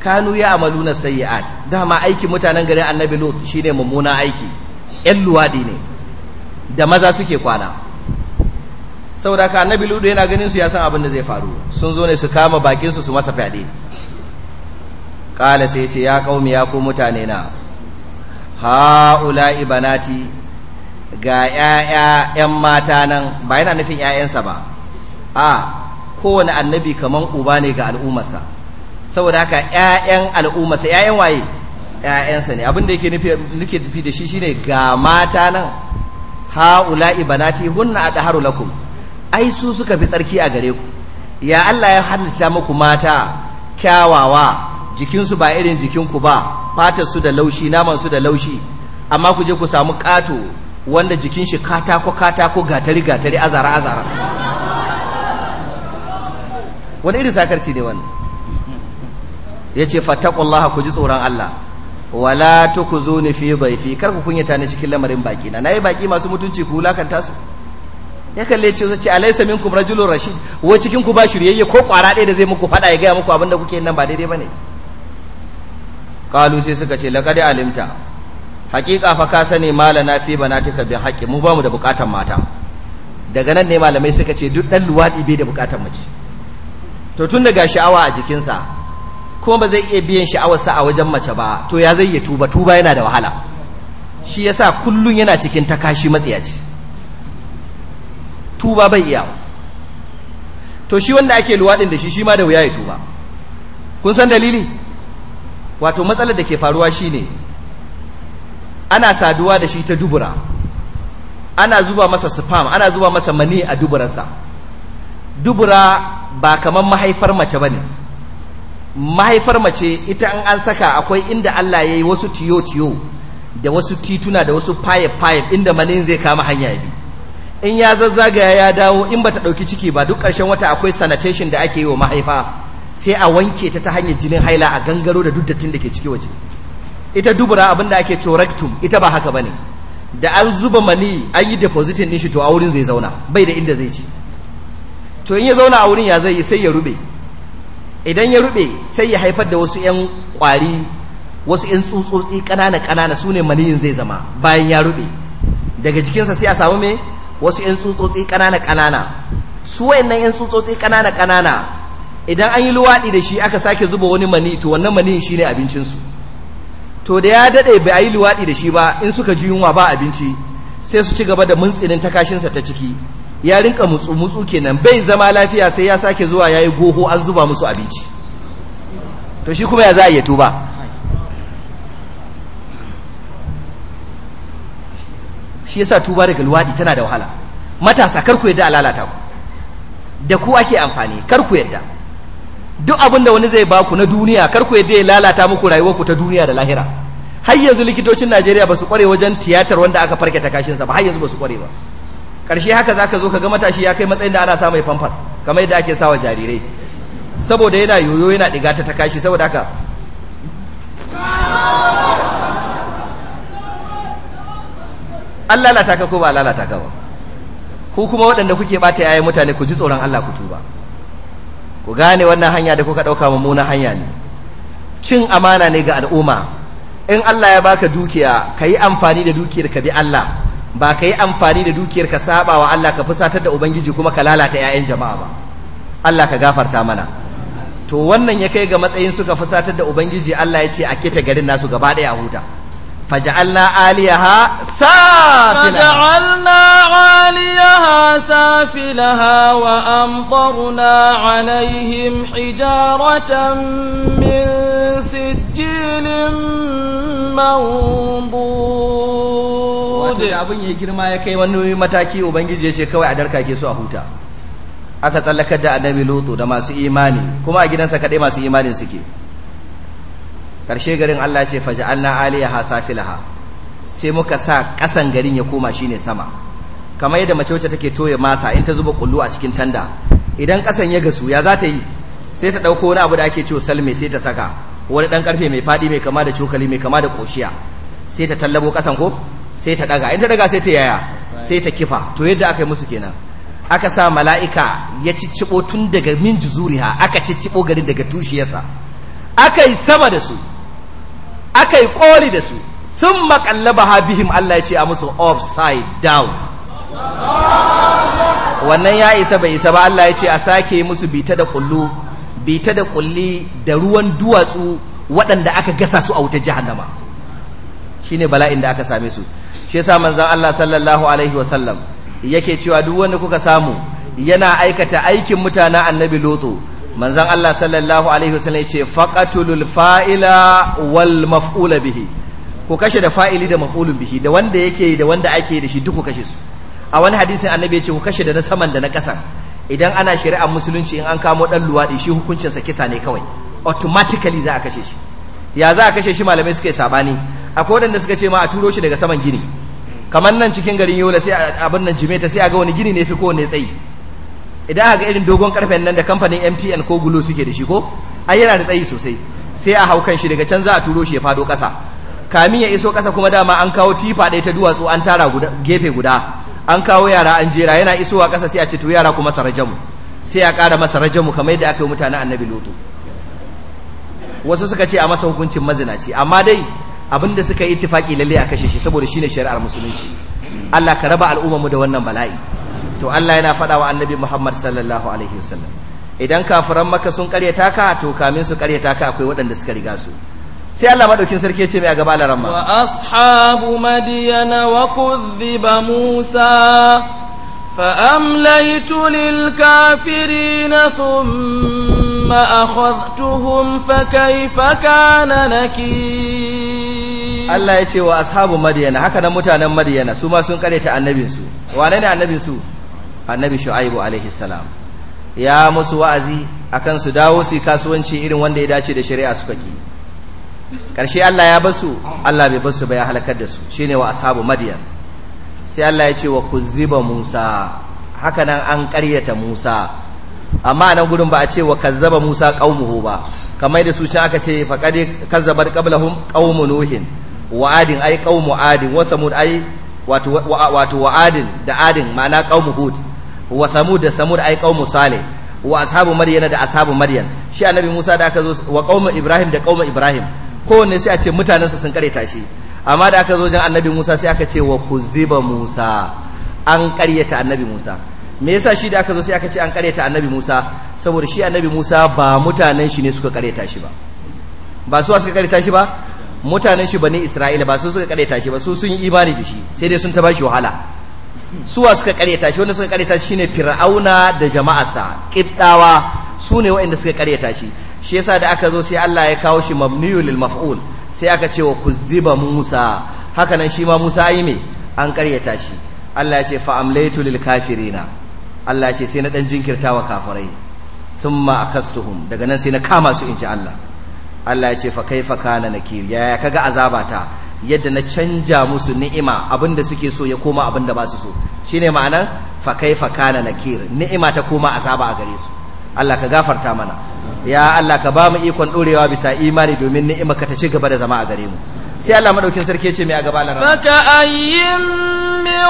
kanu ya na sayyi'at dama aikin mutanen garin annabi lot shine mummuna aiki yan luwadi ne da maza suke kwana saboda ka annabi ludu yana ganin su ya san abin da zai faru sun zo ne su kama bakin su su masa fyaɗe kala sai ce ya ƙaumi ya ku mutane na haula ibanati ga ‘ya’ya ‘yan mata nan ba yana nufin 'ya'yansa ba a kowane annabi kaman uba ne ga al'ummarsa saboda haka yayan al'ummarsa 'ya'yan waye ‘ya’yansa ne abin da yake nufi da shi shine ga mata nan Ha ha'ula'i banati hunna adharu lakum ai su suka fi tsarki a gare ku ya Allah ya halitta muku mata kyawawa jikinsu ba irin jikinku ba fatarsu su da laushi naman su da laushi amma ku je ku samu kato wanda jikin shi katako katako gatari gatari azara azara wani irin sakarci ne wannan yace fattaqullaha ku ji tsoron Allah wala tukuzuni fi dhaifi kar ku kunyata ni cikin lamarin baki na nayi baki masu mutunci ku lakanta su ya kalle ce zace alaysa minkum rajulun rashid wa cikin ku ba shiryayye ko kwara ɗaya da zai muku fada ya gaya muku abinda kuke nan ba daidai bane qalu sai suka ce laqad alimta haqiqa fa ka sani malana fi banatika bi haqqi mu ba mu da bukatan mata daga nan ne malamai suka ce duk dan luwadi bai da bukatan mace to tun daga sha'awa a jikinsa Kuma ba zai iya biyan sha'awarsa a wajen mace ba to ya zai iya tuba tuba yana da wahala shi yasa kullun yana cikin takashi matsiyaci tuba bai iya to shi wanda ake luwaɗin da shi shi ma da wuya ya tuba kun san dalili wato matsalar da ke faruwa shine ana saduwa da shi ta dubura ana zuba masa spam ana zuba masa mani a duburarsa dubura ba kamar mahaifar mace ba ne mahaifar mace ita an an saka akwai inda Allah ya yi wasu tiyo-tiyo da wasu tituna da wasu paye-paye inda manin zai kama hanya bi in ya zazzaga ya dawo in ba ta ɗauki ciki ba duk ƙarshen wata akwai sanitation da ake yi wa mahaifa sai a wanke ta ta hanyar jinin haila a gangaro da duk dattin da ke ciki waje ita dubura abin da ake corectum ita ba haka bane da an zuba mani an yi depositing din shi to a wurin zai zauna bai da inda zai ci to in ya zauna a wurin ya zai yi sai ya rube idan ya rube sai ya haifar da wasu 'yan kwari wasu 'yan tsutsotsi ƙanana-ƙanana su ne maniyin zai zama bayan ya rube daga jikinsa sai a samu me wasu 'yan tsutsotsi ƙanana-ƙanana su wayannan 'yan tsutsotsi ƙanana kanana idan an yi luwaɗi da shi aka sake zuba wani mani to wannan maniyin shi ne abincinsu to da ya daɗe bai a yi luwaɗi da shi ba in suka ji yunwa ba abinci sai su ci gaba da muntsinin takashinsa ta ciki ya rinka mutsu mutsu kenan bai zama lafiya sai ya sake zuwa yayi goho an zuba musu abinci to shi kuma ya za a yi tuba shi yasa tuba daga luwadi tana da wahala matasa kar ku yadda a ku da ku ake amfani kar ku yadda duk abinda wani zai baku na duniya kar ku yadda ya lalata muku rayuwarku ta duniya da lahira har yanzu likitocin Najeriya ba su kware wajen tiyatar wanda aka farke ta kashinsa ba har yanzu ba su kware ba karshe haka zaka zo ka ga matashi ya kai matsayin da ana sa mai famfas kamar yadda ake sawa jarirai saboda yana yoyo yana diga ta ta kashi saboda haka an lalata ka ko ba lalata ka ba ku kuma waɗanda kuke bata yayin mutane ku ji tsoron Allah ku tuba ku gane wannan hanya da kuka ɗauka mummunan hanya ne cin amana ne ga al'umma in Allah ya baka dukiya ka yi amfani da dukiyar ka bi Allah ba ka yi amfani da dukiyar ka saba wa Allah ka fusatar da ubangiji kuma ka lalata 'ya'yan jama'a ba Allah ka gafarta mana to wannan ya kai ga matsayin suka fusatar da ubangiji Allah ya ce a kefe garin nasu gaba ɗaya a huta aliyaha عاليها سافلها فجعلنا عاليها سافلها وأمطرنا alaihim hijaratan min sijjilin منضور da abin ya girma ya kai wani mataki ubangiji ya ce kawai a darka ke so a huta aka tsallakar da annabi lutu da masu imani kuma a gidansa kaɗai masu imanin suke ƙarshe garin Allah ce faja'alna ha safilaha sai muka sa ƙasan garin ya koma shine sama kamar yadda mace wacce take toye masa in ta zuba kullu a cikin tanda idan ƙasan ya gasu ya za ta yi sai ta ɗauko wani abu da ake ciwo salme sai ta saka wani ɗan ƙarfe mai faɗi mai kama da cokali mai kama da ƙoshiya sai ta tallabo ƙasan ko sai ta daga in ta daga sai ta yaya sai ta kifa to yadda aka yi musu kenan aka sa mala'ika ya ciccibo tun daga min juzuriha aka ciccibo gari daga tushiyarsa aka yi sama da su aka yi koli da su sun makallaba ha bihim Allah ya ce a musu upside down wannan ya isa bai isa ba Allah ya ce a sake musu bita da kullu bita da kulli da ruwan duwatsu waɗanda aka gasa su a wuta jahannama shine bala'in da aka same su shi yasa manzon Allah sallallahu alaihi wa sallam yake cewa duk wanda kuka samu yana aikata aikin mutana annabi loto manzon Allah sallallahu alaihi wa sallam yace faqatulul fa'ila wal maf'ula bihi ku kashe da fa'ili da maf'ulun bihi da wanda yake da wanda ake da shi duk ku kashe su a wani hadisin annabi yace ku kashe da na saman da na kasa idan ana shari'ar musulunci in an kamo dan luwaɗi shi hukuncinsa kisa ne kawai automatically za a kashe shi ya za a kashe shi malamai suke sabani akwai wadanda suka ce ma a turo shi daga saman gini kamar nan cikin garin yola sai abin nan jimeta sai a ga wani gini ne fi kowane tsayi idan a ga irin dogon karfen nan da kamfanin mtn ko gulo suke da shi ko a yana da tsayi sosai sai a haukan shi daga can za a turo shi ya fado ƙasa kamin ya iso ƙasa kuma dama an kawo tifa ɗaya ta duwatsu an tara gefe guda an kawo yara an jera yana isowa ƙasa sai a ce to yara kuma sarajamu sai a ƙara masa rajamu kamar yadda aka yi mutanen annabi lutu wasu suka ce a masa hukuncin mazinaci amma dai abinda suka yi ittifaki lalle a kashe shi saboda shine shari'ar musulunci Allah ka raba mu da wannan bala'i to Allah yana faɗa wa annabi Muhammad sallallahu alaihi wasallam idan kafiran maka sun karyata ka to kamin su karyata ka akwai waɗanda suka riga su sai Allah madaukin sarki ya ce mai a gaba laran ma wa ashabu madiyana wa kudhiba musa kafirin thumma akhadhtuhum fa kayfa kana nakir Allah ya ce wa ashabu madiyana haka nan mutanen madiyana su ma sun annabin annabinsu wane ne annabinsu annabi shu'aibu alaihi salam ya musu wa'azi akan su dawo su kasuwanci irin wanda ya dace da shari'a suka ki karshe Allah ya basu Allah bai basu ba ya halakar da su shine wa ashabu madiyan sai Allah ya ce wa kuzziba Musa haka nan an karyata Musa amma nan gurin ba a ce wa kazzaba Musa qaumuhu ba kamar da su can aka ce faqad kazzabat qablahum qaumu nuhin wa adin ai qaumu adin wa samud ai wato wato wa adin da adin ma'ana qaumu hud wa samud da samud ai qaumu salih wa ashabu maryana da ashabu maryan shi annabi Musa da aka zo wa qaumu ibrahim da qaumu ibrahim kowanne sai a ce mutanansa sun kareta shi amma da aka zo jan annabi Musa sai aka ce wa kuziba Musa an karyata annabi Musa me yasa shi da aka zo sai aka ce an karyata annabi Musa saboda shi annabi Musa ba mutanen shi ne suka karyata shi ba ba su suka karyata shi ba mutanen shi bani isra'ila ba su suka karyata shi ba su sun yi imani da shi sai dai sun ta bashi wahala suwa suka karyata shi wanda suka karyata shi shine fir'auna da jama'arsa kibdawa su ne waɗanda suka karyata shi shi yasa da aka zo sai Allah ya kawo shi mabniyu lil maf'ul sai aka ce wa kuzziba Musa haka nan shi ma Musa ayi me an karyata shi Allah ya ce fa amlaytu lil kafirina Allah ya ce sai na dan jinkirtawa kafirai summa akastuhum daga nan sai na kama su in ji Allah Allah ya ce fa kaifa kana nakir yaya kaga azabata yadda na canja musu ni'ima abinda suke so ya koma abinda ba su so shine ma'ana fa kaifa kana nakir ni'ima ta koma azaba a gare su Allah ka gafarta mana ya Allah ka ba mu ikon dorewa bisa imani domin ni'ima ka ta ci gaba da zama a gare mu sai Allah madaukin sarki ce mai a gaba Allah faka ayyin min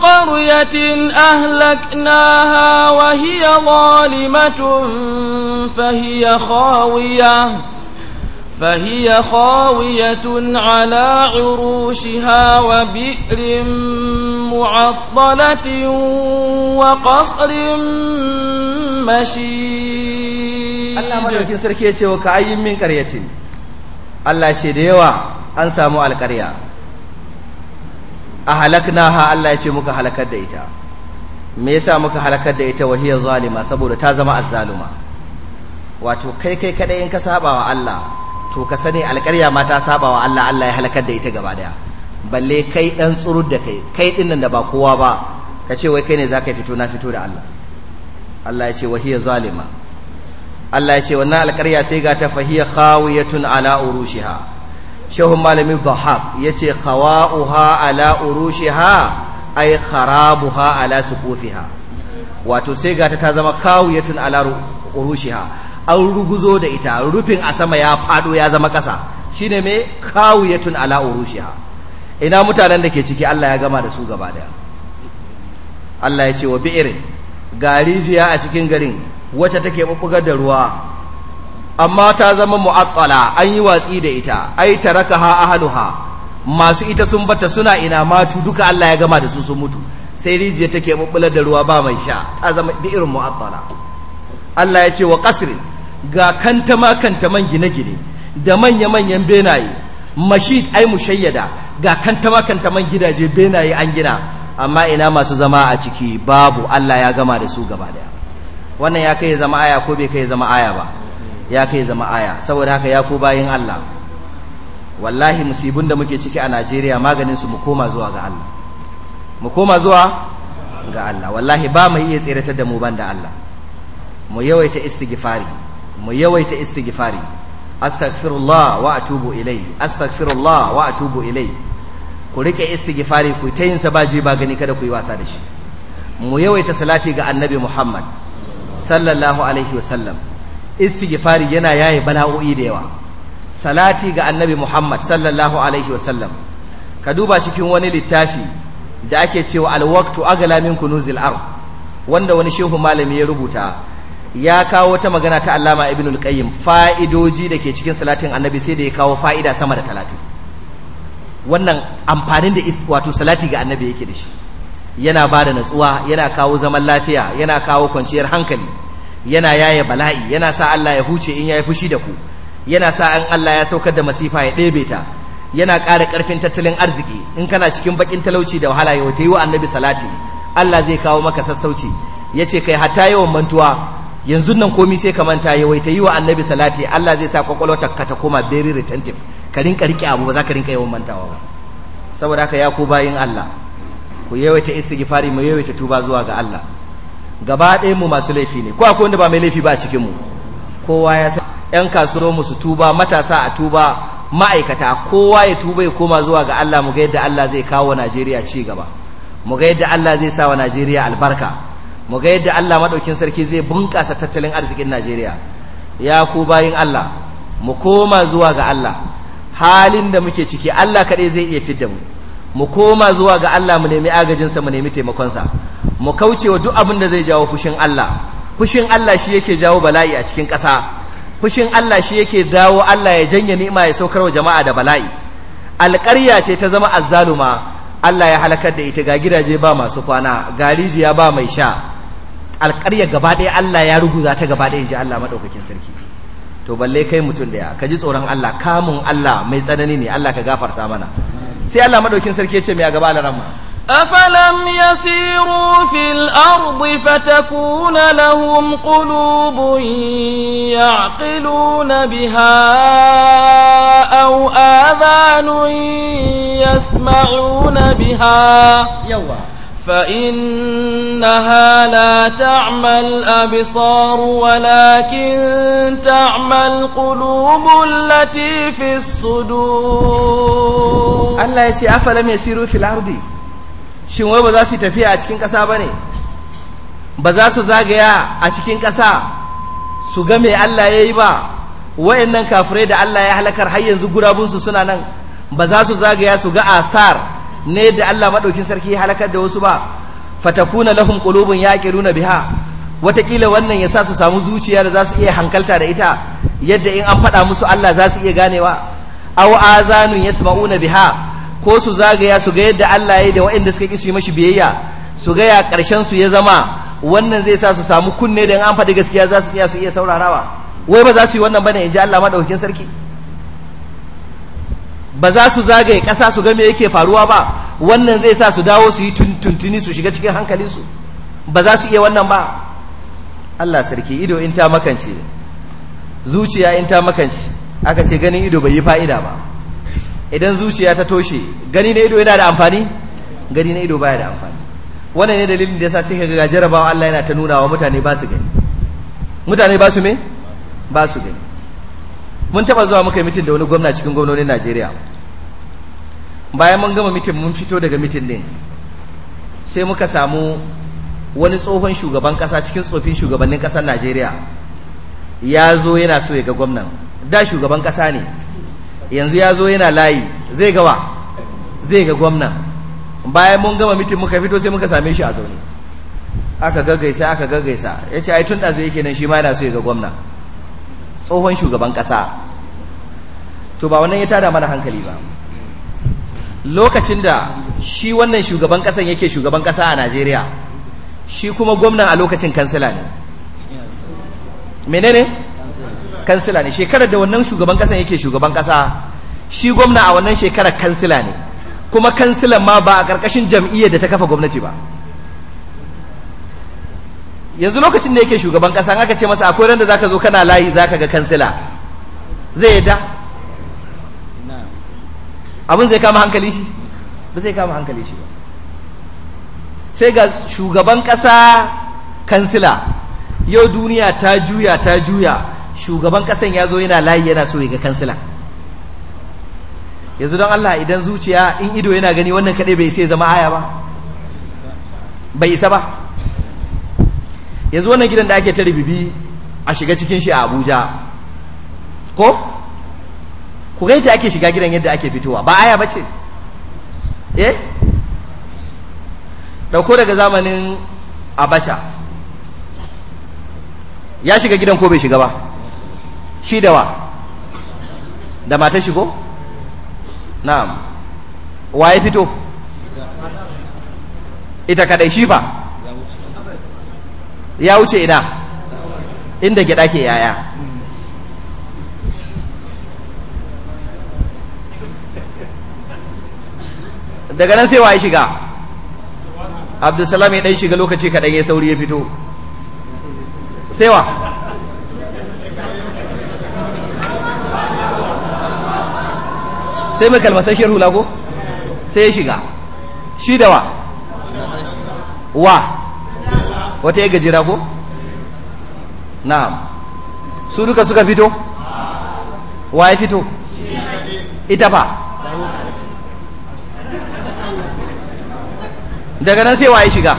qaryatin ahlaknaha wa hiya zalimatun fa hiya khawiyah فهي خاوية على عروشها وبئر معطلة وقصر مشيد الله لكي سركي يتي كأي من قرية الله ديوة أنسى أنسامو القرية أهلكناها الله يتي مك هلكت ديتا ميسا مك muka halakar وهي ظالمة wahiyar تازم الظالمة ta zama azzaluma wato kai kai kadai in ka saba wa Allah to ka sani alƙarya ma ta saba wa Allah Allah ya halakar da ita gaba daya balle kai dan tsurur da kai kai din nan da ba kowa ba ka ce wai kai ne zaka fito na fito da Allah Allah ya ce wa hiya zalima Allah ya ce wannan alƙarya sai ga ta fahiya khawiyatun ala urushiha shehu malami bahab ya ce khawa'uha ala urushiha ay kharabuha ala suqufiha wato sai ga ta zama khawiyatun ala urushiha an ruguzo da ita rufin a sama ya fado ya zama ƙasa shine me tun ala urushiha ina mutanen da ke ciki Allah ya gama da su gaba daya Allah ya ce wa bi'irin gari jiya a cikin garin wacce take bubbugar da ruwa amma ta zama mu'attala an yi watsi da ita ai tarakaha ahluha masu ita sun bata suna ina matu duka Allah ya gama da su sun mutu sai rijiya take bubbular da ruwa ba mai sha ta zama bi irin mu'attala Allah ya ce wa qasrin ga kantama man gine-gine da manya-manyan benaye mashid ai mushayyada ga kantama man gidaje benaye an gina amma ina masu zama a ciki babu Allah ya gama da su gaba daya wannan ya kai zama aya ko bai kai zama aya ba ya kai zama aya saboda haka ya ku bayin Allah wallahi musibin da muke ciki a Najeriya maganin su mu koma zuwa ga Allah mu koma zuwa ga Allah wallahi ba mu iya tsiratar da mu banda Allah mu yawaita istighfari mu yawaita istighfari astaghfirullah wa atubu ilai astaghfirullah wa atubu ilai ku rike istighfari ku tayin sa ba je ba gani kada ku yi wasa da shi mu yawaita salati ga annabi Muhammad sallallahu alaihi sallam istighfari yana yaye bala'o'i da yawa salati ga annabi Muhammad sallallahu alaihi sallam ka duba cikin wani littafi da ake cewa alwaqtu agla min kunuzil ard wanda wani shehu malami ya rubuta ya kawo ta magana ta allama ibn al-qayyim fa'idoji da ke cikin salatin annabi sai da ya kawo fa'ida sama da talatin wannan amfanin da wato salati ga annabi yake da shi yana ba da natsuwa yana kawo zaman lafiya yana kawo kwanciyar hankali yana yaye bala'i yana sa Allah ya huce in ya yi fushi da ku yana sa an Allah ya saukar da masifa ya ɗebe ta yana ƙara ƙarfin tattalin arziki in kana cikin baƙin talauci da wahala yau ta yi wa annabi salati Allah zai kawo maka sassauci ya ce kai hatta yawan mantuwa yanzu nan komi sai ka manta yawaita yi wa annabi salati Allah zai sa kwakwalwata ka ta koma very retentive ka rinka rike abu ba za ka rinka yawan mantawa ba saboda haka ya ku bayin Allah ku yawaita istighfari mu yawaita tuba zuwa ga Allah gaba ɗaya mu masu laifi ne ko akwai wanda ba mai laifi ba a cikin mu kowa ya san yan kasuwar mu su tuba matasa a tuba ma'aikata kowa ya tuba ya koma zuwa ga Allah mu ga yadda Allah zai kawo Najeriya ci gaba mu ga yadda Allah zai sa wa Najeriya albarka mu ga yadda Allah madaukin sarki zai bunƙasa tattalin arzikin Najeriya ya ku bayin Allah mu koma zuwa ga Allah halin da muke ciki Allah kaɗai zai iya fidda mu mu koma zuwa ga Allah mu nemi agajinsa mu nemi taimakonsa mu kauce wa duk abin da zai jawo fushin Allah fushin Allah shi yake jawo bala'i a cikin ƙasa fushin Allah shi yake dawo Allah ya janye ni'ima ya saukar wa jama'a da bala'i alƙarya ce ta zama azzaluma Allah ya halakar da ita ga gidaje ba masu kwana ga rijiya ba mai sha alƙarya gaba ɗaya Allah ya ruguza ta gaba ɗaya in ji Allah maɗaukakin sarki to balle kai mutum ɗaya ka ji tsoron Allah kamun Allah mai tsanani ne Allah ka gafarta mana sai Allah maɗaukin sarki ya ce mai a gaba alaramma أفلم يسيروا في الأرض فتكون لهم قلوب يعقلون بها أو آذان يسمعون بها يوه. فإنها لا تعمى الأبصار ولكن تعمى القلوب التي في الصدور الله يتي أفلم يسيروا في الأرض shin wai ba za su tafi a cikin ƙasa ba ne ba za su zagaya a cikin ƙasa su ga mai Allah ya yi ba wa'annan kafirai da Allah ya halakar har yanzu gurabunsu suna nan ba za su zagaya su ga asar ne da Allah madaukin sarki ya halakar da wasu ba fatakuna lahum qulubun yaqiluna biha watakila wannan yasa su samu zuciya da zasu iya hankalta da ita yadda in an faɗa musu Allah zasu iya ganewa aw azanun yasma'una biha ko su zagaya su ga yadda Allah ya da waɗanda suka kishi mashi biyayya su ga ya ƙarshen su ya zama wannan zai sa su samu kunne da in an faɗi gaskiya za iya su iya saurarawa wai ba za su yi wannan bane in ji Allah madaukin sarki ba za su zagaye ƙasa su game yake faruwa ba wannan zai sa su dawo su yi tuntuni su shiga cikin hankalinsu ba za su iya wannan ba Allah sarki ido in ta makance zuciya in ta makance aka ce ganin ido bai yi fa'ida ba idan zuciya ta toshe gani na ido yana da amfani gani na ido baya da amfani wannan ne dalilin da yasa sai kaga jarabawa Allah yana ta nuna wa mutane ba su gani mutane ba su me ba su gani mun taba zuwa muka yi mitin da wani gwamna cikin gwamnonin Najeriya bayan mun gama mitin mun fito daga mitin din sai muka samu wani tsohon shugaban kasa cikin tsofin shugabannin kasar Najeriya ya zo yana so ya ga gwamnan da shugaban kasa ne yanzu ya zo yana layi zai gawa zai ga gwamnan bayan mun gama mitin muka fito sai muka same shi a zaune aka gaggaisa aka gaggaisa ya ce ai tun ɗazu yake nan shi ma yana so ya ga gwamnan tsohon shugaban ƙasa to ba wannan ya tada mana hankali ba lokacin da shi wannan shugaban ƙasan yake shugaban ƙasa a najeriya shi kuma gwamna a lokacin kansila ne menene kansila ne shekarar da wannan shugaban ƙasan yake shugaban ƙasa shi gwamna a wannan shekarar kansila ne kuma kansilan ma ba a ƙarƙashin jam'iyyar da ta kafa gwamnati ba yanzu lokacin da yake shugaban kasa aka ce masa akwai ran da zaka zo kana layi zaka ga kansila zai yadda abin zai kama hankali shi ba zai kama hankali shi ba sai ga shugaban kasa kansila yau duniya ta juya ta juya shugaban kasan ya zo yana layi yana so ya ga kansila yanzu don Allah idan zuciya in ido yana gani wannan kadai bai sai zama aya ba bai isa ba yanzu wannan gidan da ake ta ribibi a shiga cikin shi a abuja ko ku gai ta ake shiga gidan yadda ake fitowa ba aya bace eh dauko daga zamanin abacha ya shiga gidan ko bai shiga ba shi da wa da mata shigo na'am wa ya fito ita kadai shi ba ya wuce ina inda gida ke yaya daga nan sai waye shiga abdulsalam ya ɗan shiga lokaci kaɗan ya sauri ya fito sai wa sai mai shi hula ko sai ya shiga shi da wa wa wata ya gajira ko na'am su duka suka fito wa ya fito ita fa daga nan sai wa ya shiga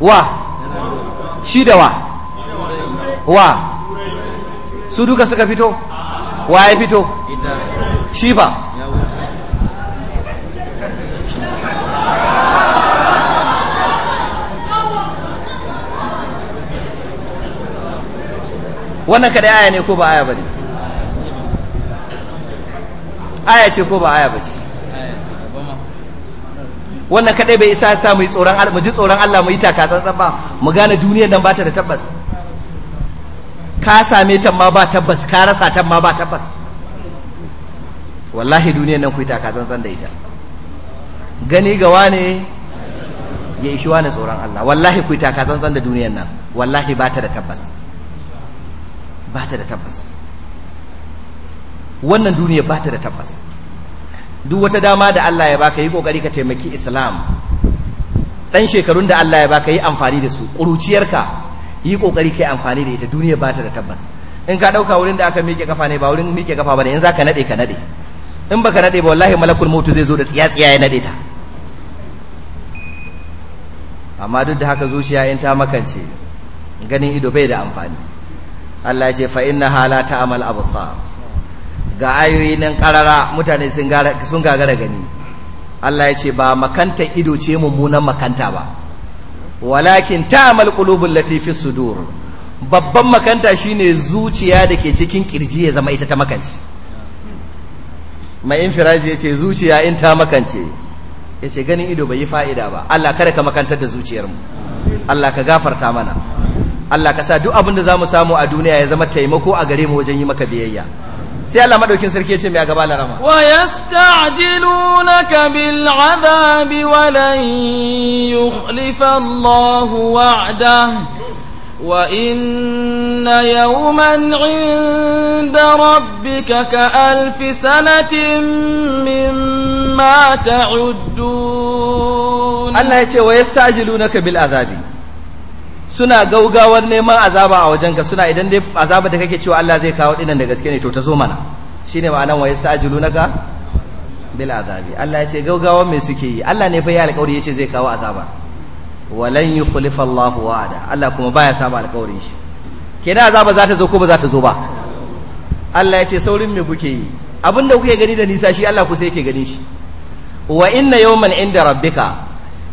wa shi da wa wa su duka suka fito wa ya fito shi ba wannan kada aya ne ko ba aya bane aya ce ko ba aya ba ce wannan kadai bai isa sa mu tsoron Allah mu ji tsoron Allah mu yi taka tsantsan ba mu gane duniyar nan ba ta da tabbas ka same ta ma ba tabbas ka rasa ta ma ba tabbas wallahi duniyar nan ku yi taka tsantsan da ita gani ga wane ya ishi wane tsoron Allah wallahi ku yi taka tsantsan da duniyar nan wallahi ba ta da tabbas ba da tabbas wannan duniya ba ta da tabbas duk wata dama da Allah ya baka yi kokari ka taimaki islam dan shekarun da Allah ya baka yi amfani da su ƙuruciyarka yi kokari kai amfani da ita duniya ba da tabbas in ka dauka wurin da aka miƙe kafa ne ba wurin miƙe kafa ne in ka nade ka nade in baka nade ba wallahi malakul mautu zai zo da tsiya tsiya ya nade ta amma duk da haka zuciya in ta makance ganin ido bai da amfani Allah ya ce fa inna hala amal absar ga ayoyi nan karara mutane sun gara sun gagara gani Allah ya ce ba makanta ido ce mummunan makanta ba walakin ta'mal qulubul lati fi sudur babban makanta shine zuciya da ke cikin kirji ya zama ita ta makance mai infiraji ya ce zuciya in ta makance ya ce ganin ido bai yi fa'ida ba Allah kada ka makantar da zuciyarmu Allah ka gafarta mana Allah ka sa duk abin da za mu samu a duniya ya zama taimako a gare mu wajen yi maka biyayya sai Allah madaukin sarki ya ce mai a gaba larama wa yasta'jilunaka bil azabi wa lan yukhlifa Allahu wa'dahu وإن يوما عند ربك كألف سنة مما تعدون الله يتي ويستعجلونك بالعذاب suna gaugawar neman azaba a wajenka suna idan dai azaba da kake cewa Allah zai kawo dinan da gaske ne to ta zo mana shine ma'anan wa naka bil azabi Allah ya ce gaugawar me suke yi Allah ne fa ya alƙawari yace zai kawo azaba walan yukhlifa Allah wa'ada Allah kuma baya saba alƙawarin shi kenan azaba za ta zo ko ba za ta zo ba Allah ya ce saurin me kuke yi abinda kuke gani da nisa shi Allah ku sai yake ganin shi wa inna yawman inda rabbika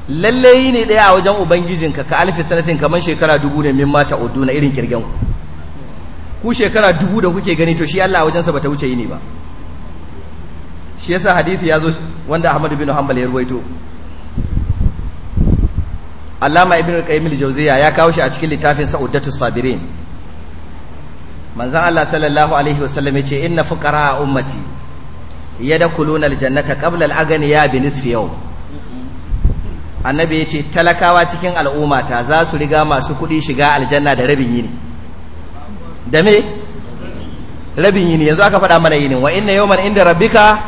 Lallai ne daya a wajen ubangijin ka alfi sanatin kamar shekara dubu ne min mata udu na irin kirgen ku shekara dubu da kuke gani to shi Allah a ba ta wuce ne ba shi yasa hadithi ya zo wanda Ahmadu bin Hanbal ya ruwaito Allama Ibn Qayyim al jawziya ya kawo shi a cikin littafin Sa'udatu Sabirin manzon Allah sallallahu alaihi wasallam yace inna fuqara ummati yadkhuluna al-jannata qabla al-aghniya bi nisfi yawm annabi ya ce talakawa cikin al'ummata za su riga masu kuɗi shiga aljanna da rabin yini da me rabin yini yanzu aka faɗa mana yinin wa inna yawman inda rabbika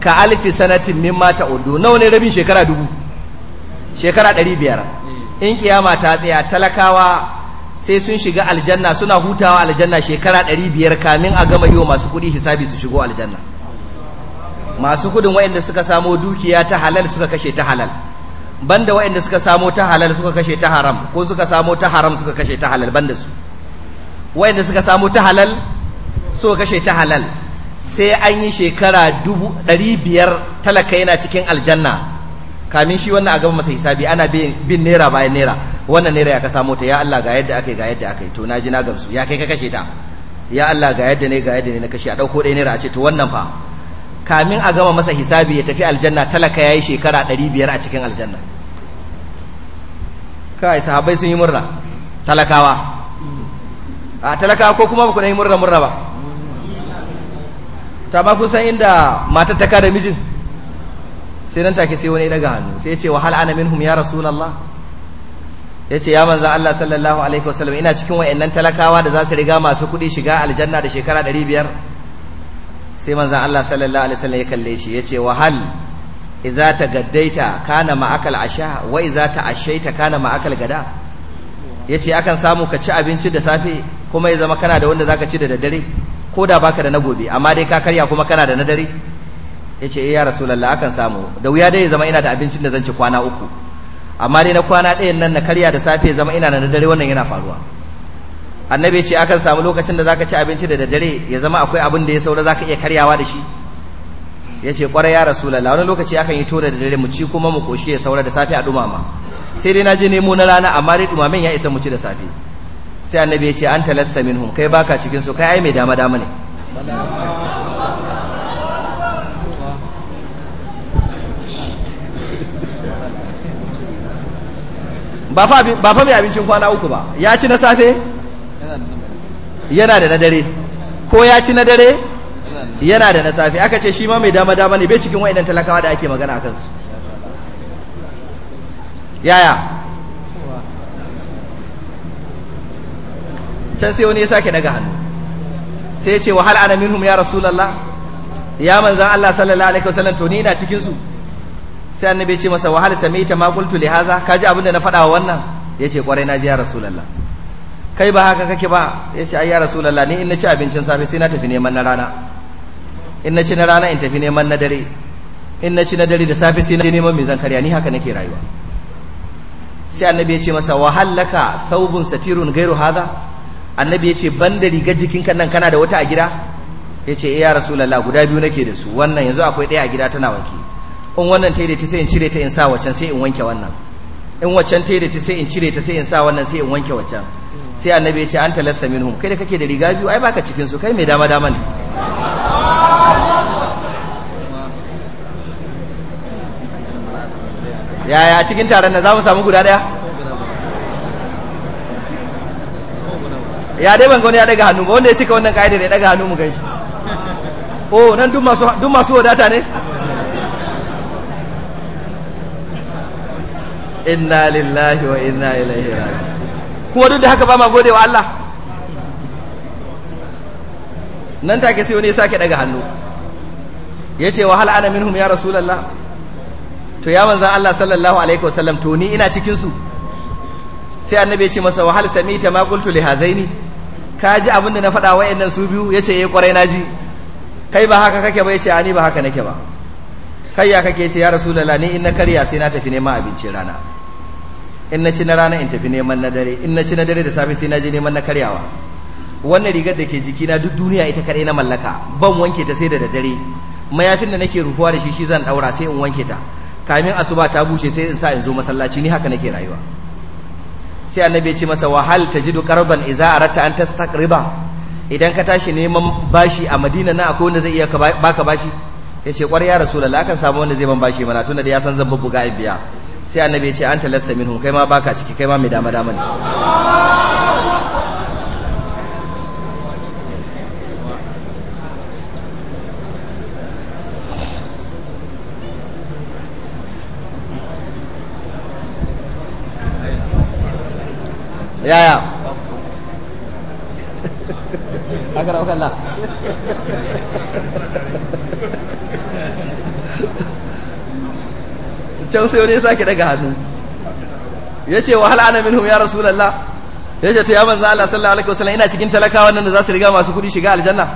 ka alfi sanatin mimma ta'uddu nawa ne rabin shekara dubu shekara ɗari biyar in kiyama ta tsaya talakawa sai sun shiga aljanna suna hutawa aljanna shekara ɗari biyar kamin a gama yiwa masu kuɗi hisabi su shigo aljanna masu kudin waɗanda suka samo dukiya ta halal suka kashe ta halal banda waɗanda suka samo ta halal suka kashe ta haram ko suka samo ta haram suka kashe ta halal banda su waɗanda suka samo ta halal suka kashe ta halal sai an yi shekara dubu biyar talaka yana cikin aljanna kamin shi wannan a gaba masa hisabi ana bin naira bayan naira wannan naira ya ka samo ta ya Allah ga yadda aka yi ga yadda aka yi to na ji na gamsu ya kai ka kashe ta ya Allah ga yadda ne ga yadda ne na kashe a ɗauko ɗaya naira a ce to wannan fa kamin a gama masa hisabi ya tafi aljanna talaka ya yi shekara ɗari biyar a cikin aljanna kai sahabbai sun yi murna talakawa a talakawa ko kuma baku ku yi murna murna ba ta ba kusan inda matar ta kada mijin sai nan take sai wani daga hannu sai ya ce wahal ana minhum ya rasulullah ya ce ya manzan Allah sallallahu alaihi wasallam ina cikin wayannan talakawa da za su riga masu kuɗi shiga aljanna da shekara 500 sai manzan Allah sallallahu alaihi wasallam ya kalle shi ya ce wahal iza ta gaddaita kana ma'akal asha wa iza ta ashaita kana ma'akal gada Ya ce akan samu ka ci abinci da safe kuma ya zama kana da wanda zaka ci da daddare ko da baka da na gobe amma dai ka karya kuma kana da na dare ce eh ya rasulallah akan samu da wuya dai ya zama ina da abincin da zan ci kwana uku amma dai na kwana ɗayan nan na karya da safe ya zama ina da na dare wannan yana faruwa annabi ya ce akan samu lokacin da zaka ci abinci da daddare ya zama akwai abin da ya saura zaka iya karyawa da shi ya ce kwarai ya rasulallah wani lokaci akan yi tura da dare mu ci kuma mu koshi ya saura da safe a dumama sai dai na je nemo na rana amma dai dumamen ya isa mu ci da safe sai annabi ya ce an talasta min minhum kai baka cikin su kai ai mai dama dama ne ba fa mai abincin kwana uku ba ya ci na safe yana da na dare ko ya ci na dare yana da na safe aka ce shi ma mai dama dama ne bai cikin wa'idan talakawa da ake magana a kansu yaya can sai wani ya sake daga hannu sai ya ce wahal ana minhum ya rasulallah ya manzan Allah sallallahu alaihi wasallam to ni ina cikin su sai annabi ya ce masa wahal sami'ta ma qultu li hadha kaji abin da na fada wa wannan yace kwarai na ji ya rasulallah kai ba haka kake ba yace ai ya rasulallah ni in na ci abincin safe sai na tafi neman na rana in na ci na rana in tafi neman na dare in na ci na dare da safe sai na je neman mai zan karya ni haka nake rayuwa sai annabi ya ce masa wahallaka thawbun satirun gairu hadha annabi ya ce ban da jikin kan nan kana da wata a gida ya ce eh, ya rasulullah guda biyu nake da su wannan yanzu akwai ɗaya a gida tana wanki in wannan ta yi da ta sai in cire ta in sa waccan sai in wanke wannan in waccan ta yi da ta sai in cire ta sai in sa wannan sai in wanke waccan sai annabi ya ce an talassa minhum kai da kake da riga biyu ai baka cikin su kai mai dama dama ne ya cikin taron nan za mu samu guda daya ya dai ban ga ya daga hannu ba wanda ya cika wannan kaida ne daga hannu mu gaishe oh nan duk masu wadata ne inna lillahi wa inna ilaihi raji'un kuma duk da haka ba ma gode wa Allah nan take sai wani ya sake daga hannu ya ce wa hal'ana ana minhum ya rasulallah to ya manzan Allah sallallahu alaihi wasallam to ni ina cikin su sai annabi ya ce masa wa hal samita ma qultu li hazaini ka ji abin da na faɗa yannan su biyu ya ce eh kwarai na ji kai ba haka kake ba ya a ani ba haka nake ba kai ya kake ce ya rasulallah ni in na karya sai na tafi neman abincin rana in na ci na rana in tafi neman na dare in na ci na dare da safe sai na je neman na karyawa wannan rigar da ke jikina duk duniya ita kadai na mallaka ban wanke ta sai da dare mayafin da nake rufuwa da shi shi zan daura sai in wanke ta kamin asuba ta bushe sai in sa in zo masallaci ni haka nake rayuwa sai annabi ya ce masa wahal tajidu qarban idza aratta an tastaqriba idan ka tashi neman bashi a Madina na akwai wanda zai iya baka bashi yace kwarai ya rasulullahi akan samu wanda zai ban bashi mana tunda da ya san zan bubbuga in biya sai annabi ya ce an talasta minhum kai ma baka ciki kai ma mai dama dama ne yaya can sai wani ya sake daga hannu ya ce wa hal ana minhum ya rasulallah ya ce to ya manzo Allah sallallahu alaihi wasallam ina cikin talakawa nan da za su riga masu kuɗi shiga aljanna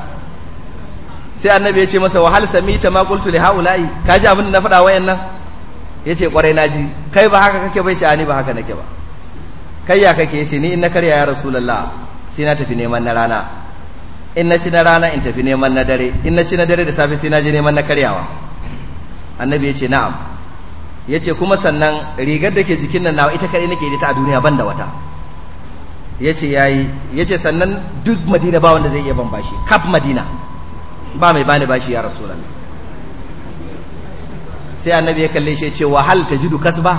sai annabi ya ce masa wa hal samita ma qultu li haula'i ka ji abin da na faɗa wayannan ya ce kwarai na ji kai ba haka kake bai ce ani ba haka nake ba kai ya kake ya ce ni in na karya ya rasulallah sai na tafi neman na rana in na ci na rana in tafi neman na dare in na ci na dare da safe sai na je neman na karyawa annabi ya ce na'am ya ce kuma sannan rigar da ke jikin nan nawa ita kaɗai nake ta a duniya ban da wata ya ce ya yi ya ce sannan duk madina ba wanda zai iya ban bashi kaf madina ba mai bani bashi ya rasu sai annabi ya kalle shi ya ce wahal ta dukas kasba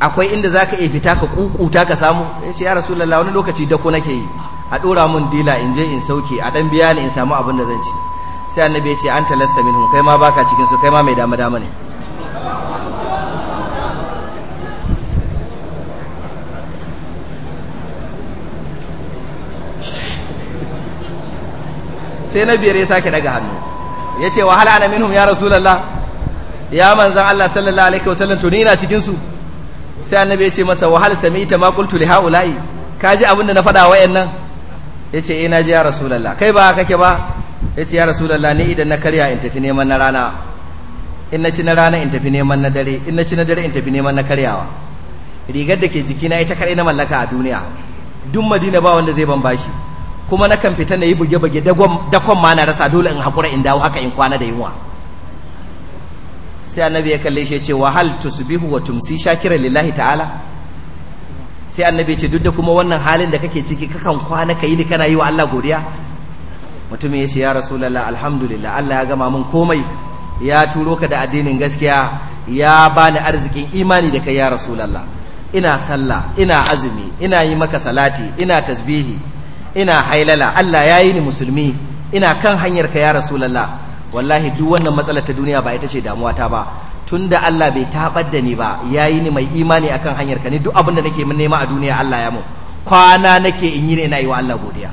akwai inda zaka ka iya fita ka kukuta ka samu ya ce ya rasu wani lokaci da dako nake yi a ɗora mun dila in je in sauke a ɗan biya ni in samu abin da zan ci sai annabi ya ce an talasta minhum kai ma baka cikin su kai ma mai dama dama ne sai na biyar ya sake daga hannu ya ce wa hal'ana minhum ya rasulallah ya manzan Allah sallallahu alaihi wasallam to ni ina cikin su sai annabi ya ce masa wa hal sami'ta ma qultu li haula'i ka ji abin da na faɗa yannan ya ce eh na ji ya rasulallah kai ba kake ba ya ce ya rasulallah ni idan na karya in tafi neman na rana in na ci na rana in tafi neman na dare in na ci na dare in tafi neman na karyawa rigar da ke jikina ita kadai na mallaka a duniya duk madina ba wanda zai ban bashi kuma na kan fita na yi buge-buge dakon ma na rasa dole in haƙura in dawo haka in kwana da yunwa sai annabi ya kalle shi ce wahal tusbihu wa tumsi shakira lillahi ta'ala sai annabi ce duk da kuma wannan halin da kake ciki kakan kwana ka yi ni kana yi wa Allah godiya mutum ya ce ya rasulullah alhamdulillah Allah ya gama min komai ya turo ka da addinin gaskiya ya bani arzikin imani da kai ya rasulullah ina sallah ina azumi ina yi maka salati ina tasbihi ina hailala Allah ya yi ni musulmi ina kan hanyar ka ya rasulallah wallahi duk wannan matsalar ta duniya ba ita ce damuwata ba tunda Allah bai tabar da ni ba ya yi ni mai imani akan hanyar ka ni duk abin da nake nema a duniya Allah ya mu kwana nake in yi ne na yi wa Allah godiya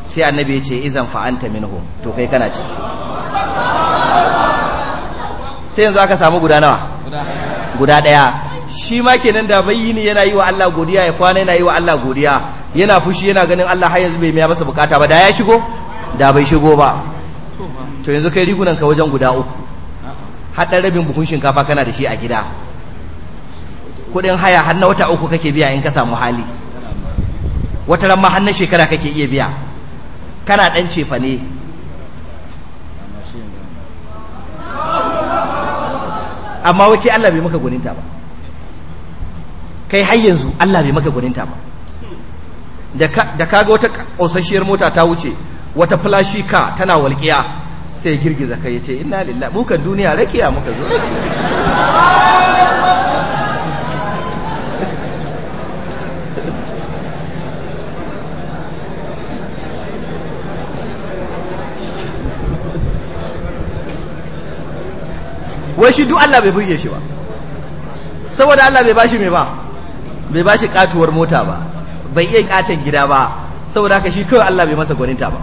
sai annabi ya ce izan fa'anta minhum to kai kana ciki sai yanzu aka samu guda nawa guda daya shi ma kenan da bayyini yana yi wa Allah godiya ya kwana yana yi wa Allah godiya yana fushi yana ganin Allah har yanzu bai miya masa bukata ba da ya shigo da bai shigo ba to yanzu kai rigunan ka wajen guda uku haɗar rabin buhun shinkafa kana da shi a gida kuɗin haya har na wata uku kake biya in ka samu hali wata ran ma har na shekara kake iya biya kana ɗan cefa ne amma wake Allah bai maka gwaninta ba kai har yanzu Allah bai maka gwaninta ba da kaga wata ƙosasshiyar mota ta wuce wata filashi ka tana walƙiya sai girgiza kai ya ce inna lillahi muka duniya rakiya muka zo wai shi duk Allah bai burge shi ba saboda Allah bai bashi mai ba bai bashi katuwar mota ba bai iya katon gida ba saboda haka shi kawai Allah bai masa gwaninta ba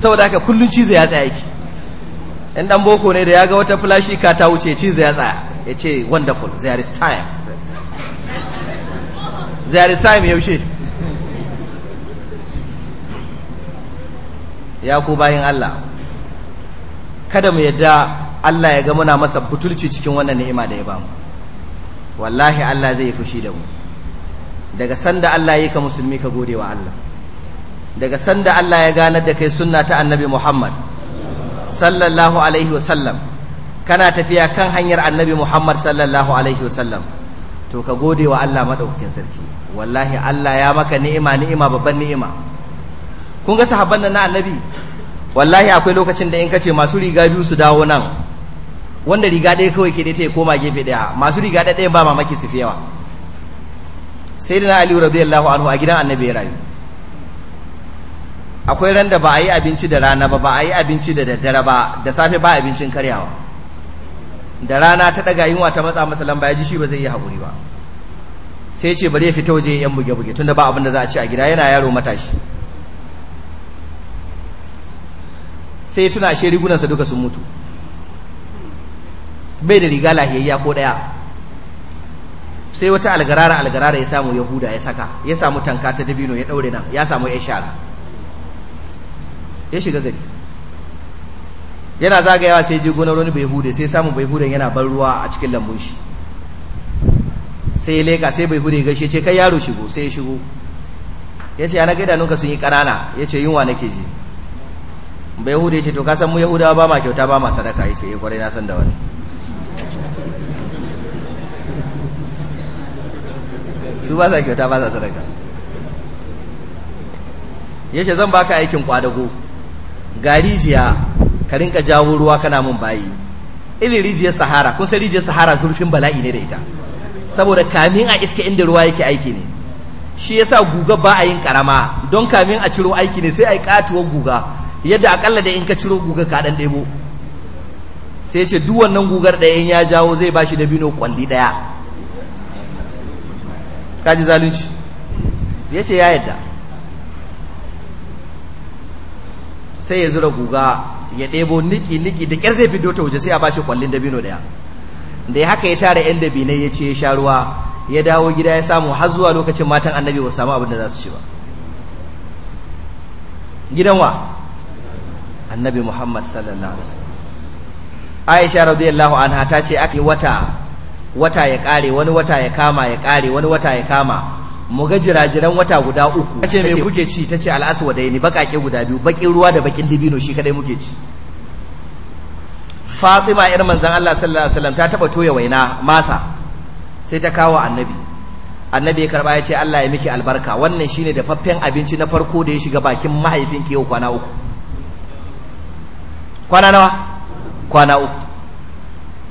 saboda haka kullun cizo ya tsaya yake in dan boko ne da ya ga wata flashi ka ta wuce cizo ya tsaya ya ce wonderful there is time there is time yaushe ya ku bayin Allah kada mu yadda Allah ya ga muna masa butulci cikin wannan ni'ima da ya bamu wallahi Allah zai fushi da mu daga sanda Allah ya ka musulmi ka gode wa Allah daga sanda Allah ya ganar da kai sunna ta annabi Muhammad sallallahu alaihi wasallam kana tafiya kan hanyar annabi Muhammad sallallahu alaihi wasallam to ka gode wa Allah madaukakin sarki wallahi Allah ya maka ni'ima ni'ima babban ni'ima kun ga sahabban nan na annabi wallahi akwai lokacin da in kace masu riga biyu su dawo nan wanda riga ɗaya kawai ke da ta koma gefe ɗaya masu riga ɗaya ba mamaki su fi yawa sai da sayyidina ali radiyallahu anhu a gidan annabi ya rayu akwai ran da ba a yi abinci da rana ba ba a yi abinci da daddare ba da safe ba abincin karyawa da rana ta daga yunwa ta matsa masa lamba ya ji shi ba zai yi haƙuri ba sai ce bari fita waje yan buge-buge tunda ba abin da za a ci a gida yana yaro matashi sai tuna ashe rigunansa duka sun mutu bai da riga lahiyayya ko ɗaya sai wata algarara algarara ya samu yahuda ya saka ya samu tanka ta dabino ya daure nan ya samu ya shara ya shiga gari yana zagayawa sai je gonar wani bai hude sai samun bai yana ban ruwa a cikin lambun shi sai ya leka sai bai ya gaishe ce kai yaro shigo sai ya shigo ya ce ana gaida nuka sun yi kanana ya ce yunwa nake ji bai hude ce to ka san mu yahudawa ba ma kyauta ba ma sadaka ya ce ya eh, kwarai na san da wani su ba sa kyauta ba sa sadaka ce zan baka aikin kwadago ga rijiya ka rinka jawo ruwa kana mun bayi irin rijiyar sahara kun san rijiyar sahara zurfin bala'i ne da ita saboda kamin a iska inda ruwa yake aiki ne shi yasa guga ba a yin karama don kamin a ciro aiki ne sai a yi katuwar guga yadda akalla da in ka ciro guga ka dan ɗebo sai ce duk wannan gugar in ya jawo zai bashi da bino kwalli ɗaya kaji zalunci ya ce ya yadda sai ya zura guga ya ɗebo niki-niki da ƙyar zai fito ta wuce sai a bashi kwallin dabino daya da ya haka ya tara 'yan dabinai ya ce ya sha ruwa ya dawo gida ya samu har zuwa lokacin matan annabi ba samu abin da za su ci ba gidan wa annabi muhammad sallallahu alaihi wasallam aisha radiyallahu anha ta ce aka yi wata wata ya kare wani wata ya kama ya kare wani wata ya kama mu ga jirajiran wata guda uku tace me kuke ci tace wa da yini bakake guda biyu bakin ruwa da bakin dibino shi kadai muke ci Fatima yar manzon Allah sallallahu alaihi wasallam ta taba toya waina masa sai ta kawo annabi annabi ya karba ya ce Allah ya miki albarka wannan shine da faffen abinci na farko da ya shiga bakin mahaifinki yau kwana uku kwana nawa kwana uku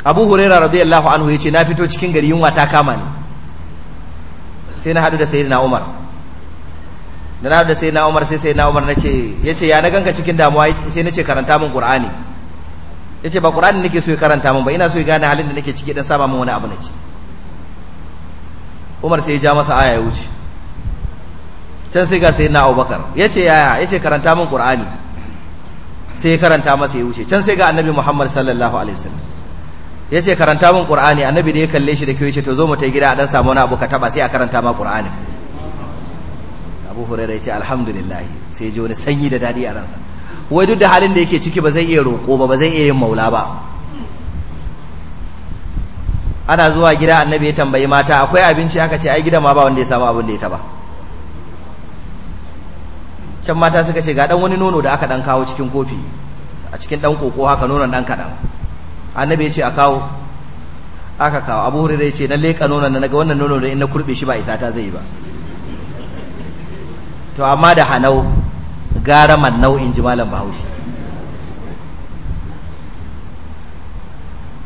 abu huraira radiyallahu anhu yace ce na fito cikin gari yunwa ta kama ni sai na hadu da sayyidina umar da na hadu da sayyidina umar sai sayyidina umar na ce ya ce ya na ganka cikin damuwa sai na ce karanta min qur'ani ya ce ba qur'ani nake so ya karanta min ba ina so ya gane halin da nake ciki dan saba min wani abu na ci umar sai ya ja masa aya ya wuce can sai ga sayyidina abubakar ya ce yaya ya ce karanta min qur'ani sai ya karanta masa ya wuce can sai ga annabi muhammad sallallahu alaihi wasallam ya ce karanta min ƙur'ani annabi da ya kalle shi da kyau ce to zo mu ta gida a dan samu wani abu ka taba sai a karanta ma ƙur'ani abu huraira ya ce alhamdulillah sai ji wani sanyi da daɗi a ransa wai duk da halin da yake ciki ba zai iya roƙo ba ba zai iya yin maula ba ana zuwa gida annabi ya tambayi mata akwai abinci aka ce ai gida ma ba wanda ya samu abin da ya taba can mata suka ce ga dan wani nono da aka dan kawo cikin kofi a cikin dan koko haka nonon dan kaɗan. annabi ya ce a kawo aka kawo abu hurira ya ce na leƙa nonon na naga wannan nonon da in na kurɓe shi ba isa ta zai ba to amma da hanau gara man in ji malam bahaushe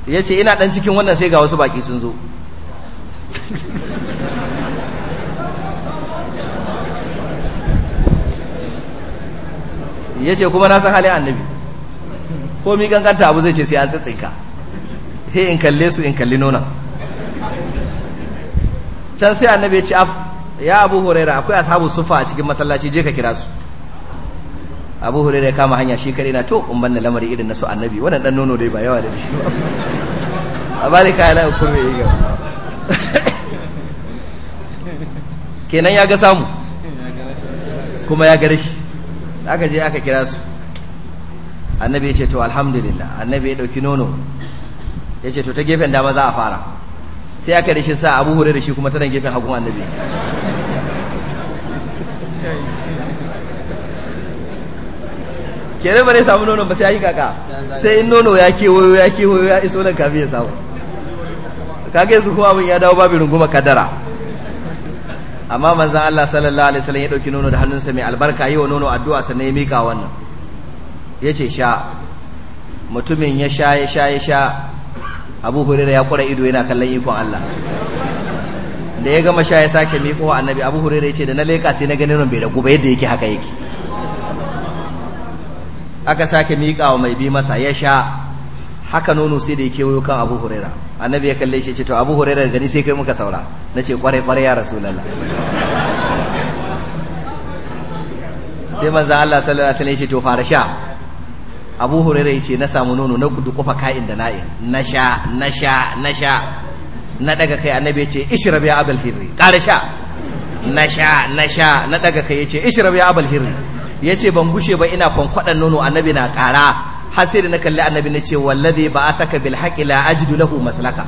ya ce ina ɗan cikin wannan sai ga wasu baƙi sun zo ya ce kuma na san halin annabi ko mi kankanta abu zai ce sai an tsitsinka he in kalle su in kalli nuna can sai annabi ya ce af ya abu huraira akwai ashabu sufa a cikin masallaci je ka kira su abu huraira ya kama hanya shi kare na to in banna lamari irin na su annabi wannan dan nono dai ba yawa da shi ba a bari ka ala kurbe yi gaba kenan ya ga samu kuma ya gare shi aka je aka kira su annabi ya ce to alhamdulillah annabi ya dauki nono ya ce to ta gefen dama za a fara sai aka rishin sa abu hure da shi kuma tana gefen hagun annabi kere ba zai samu nono ba sai ya yi kaka sai in nono ya kewayo ya kewayo ya iso nan kafin ya samu kage yanzu kuma abin ya dawo babu runguma kadara amma manzan Allah sallallahu alaihi wasallam ya dauki nono da hannunsa mai albarka yi wa nono addu'a sannan ya mika wannan ya ce sha mutumin ya sha ya sha ya sha abu hurera ya kura ido yana kallon ikon Allah da ya gama sha ya sake miƙo wa annabi abu hurera ya ce da na leƙa sai na ganin bai da ba yadda yake haka yake aka sake miƙa wa mai bi masa ya sha haka nono sai da ya kewayo kan abu hurera annabi ya kalle shi ce to abu hurera gani sai kai muka saura na ce kwarai kwarai ya rasu lalla sai manzan allah sallallahu alaihi wasallam ya ce to fara sha abu hurairah yace na samu nono na gudu kofa ka'in da na'in na sha na sha na sha na daga kai annabi yace ishrab ya abul hirri ƙara sha na sha na sha na daga kai yace ishrab ya abul hirri yace ban gushe ba ina kwankwadan nono annabi na ƙara har sai da na kalli annabi na ce wallazi asaka bil haqi la ajidu lahu maslaka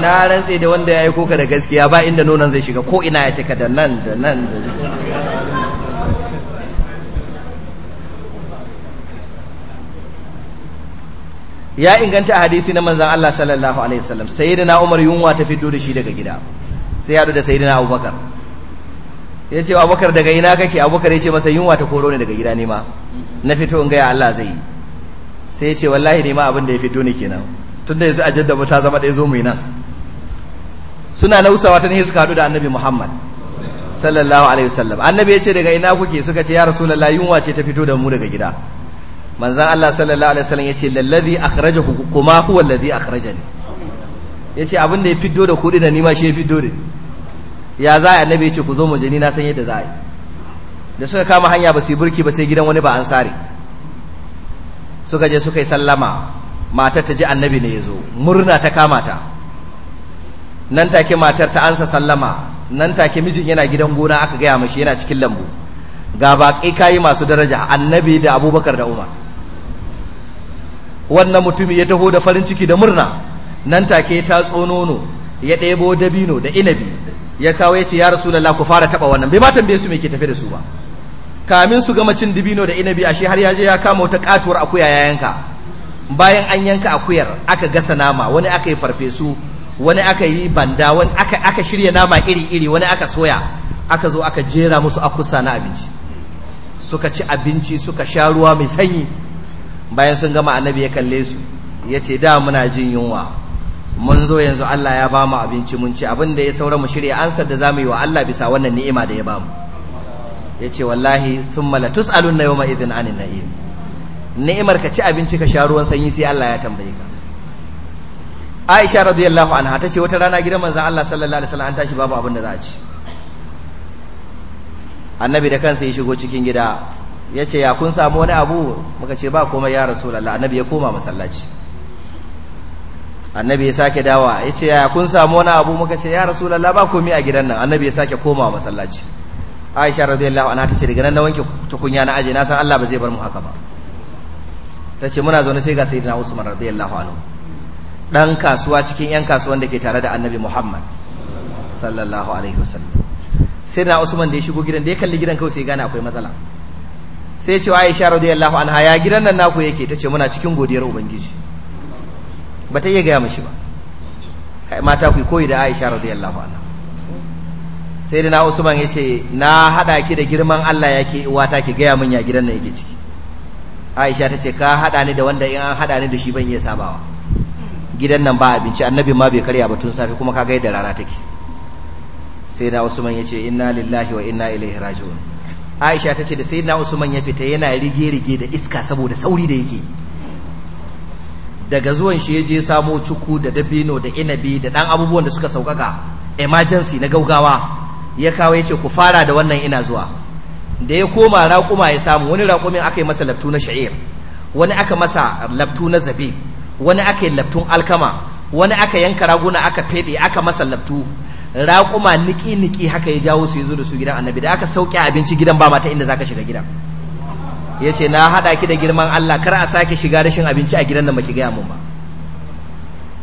na rantse da wanda ya aiko ka da gaskiya ba inda nonon zai shiga ko ina ya ce ka da nan da nan da ya inganta hadisi na manzan Allah sallallahu alaihi wasallam sayyidina Umar yunwa ta fiddo da shi daga gida sai ya da sayyidina Abubakar ya ce Abubakar daga ina kake Abubakar ya ce masa yunwa ta koro ne daga gida ne ma na fito in gaya Allah zai sai ya ce wallahi ne ma abin da ya fiddo ne kenan tunda yanzu ajadda ba ta zama ɗaya zo mu nan suna nausawa ta ne suka haɗu da annabi Muhammad sallallahu alaihi wasallam annabi ya ce daga ina kuke suka ce ya rasulullahi yunwa ce ta fito da mu daga gida manzan Allah sallallahu alaihi wasallam yace lallazi akhrajahu kuma huwa allazi ne. yace ce da ya fito da kudi da nima shi ya fito da ya za a annabi yace ku zo majini ni na san yadda za a yi da suka kama hanya ba su burki ba sai gidan wani ba ansari suka je suka yi sallama matar ta ji annabi ne ya zo murna ta kama ta nan take matar ta ansa sallama nan take mijin yana gidan gona aka gaya mashi yana cikin lambu ga baƙi kayi masu daraja annabi da abubakar da umar wannan mutumi ya taho da farin ciki da murna nan take ta tsonono ya ɗebo dabino da inabi ya kawo ya ce ya rasu lalla ku fara taɓa wannan bai ma tambaye su me ke tafe da su ba kamin su gama cin dabino da inabi ashe har ya je ya kama wata katuwar akuya ya yanka bayan an yanka akuyar aka gasa nama wani aka yi farfesu wani aka yi banda wani aka aka shirya nama iri iri wani aka soya aka zo aka jera musu akusa na abinci suka ci abinci suka sha ruwa mai sanyi bayan sun gama annabi ya kalle su ya ce da muna jin yunwa mun zo yanzu Allah ya ba mu abinci mun ci abin da ya saura mu shirya ansar da zamu yi wa Allah bisa wannan ni'ima da ya ba mu ya ce wallahi thumma la na yawma idhin anin na'im ni'imar ka ci abinci ka sha ruwan sanyi sai Allah ya tambaye ka Aisha radiyallahu anha tace wata rana gidan manzon Allah sallallahu alaihi wasallam an tashi babu abin da za a ci Annabi da kansa ya shigo cikin gida ya ce ya kun samu wani abu muka ce ba komai ya rasulallah annabi ya koma masallaci annabi ya sake dawa ya ce ya kun samu wani abu muka ce ya rasulallah ba komai a gidan nan annabi ya sake koma masallaci aisha radiyallahu anha ta ce daga nan na wanke tukunya na aje na san Allah ba zai bar mu haka ba ta ce muna zaune sai ga sayyidina usman radiyallahu anhu dan kasuwa cikin yan kasuwan da ke tare da annabi muhammad sallallahu alaihi wasallam sayyidina usman da ya shigo gidan da ya kalli gidan kawai sai gane akwai matsala sai ce Aisha radiyallahu anha ya gidan nan naku yake tace muna cikin godiyar ubangiji bata iya gaya mishi ba kai mata ku koyi da Aisha radiyallahu anha sai da na Usman ce na hada ki da girman Allah yake uwata ki gaya min ya gidan nan yake ciki Aisha ta ce ka hada ni da wanda in an hada ni da shi ban iya sabawa gidan nan ba abinci annabi ma bai karya ba tun safe kuma kaga yadda rana take sai da Usman ya ce inna lillahi wa inna ilaihi raji'un aisha ta ce da sai na usman ya fita yana rige-rige da iska saboda sauri da yake daga zuwan shi ya je samo cuku da dabino da inabi da ɗan abubuwan da suka sauƙaƙa emergency na gaugawa ya kawo ya ce ku fara da wannan ina zuwa da ya koma raƙuma ya samu wani raƙumin aka masa laftu na sha'ir wani aka masa laftu na zabi wani aka yi laftun alkama wani aka yanka raguna aka fede aka masallatu raƙuma niki-niki haka ya jawo su yi zo da su gidan annabi da aka sauke abinci gidan ba mata inda zaka shiga gidan ya ce na haɗa ki da girman Allah kar a sake shiga rashin abinci a gidan da baki gaya mun ba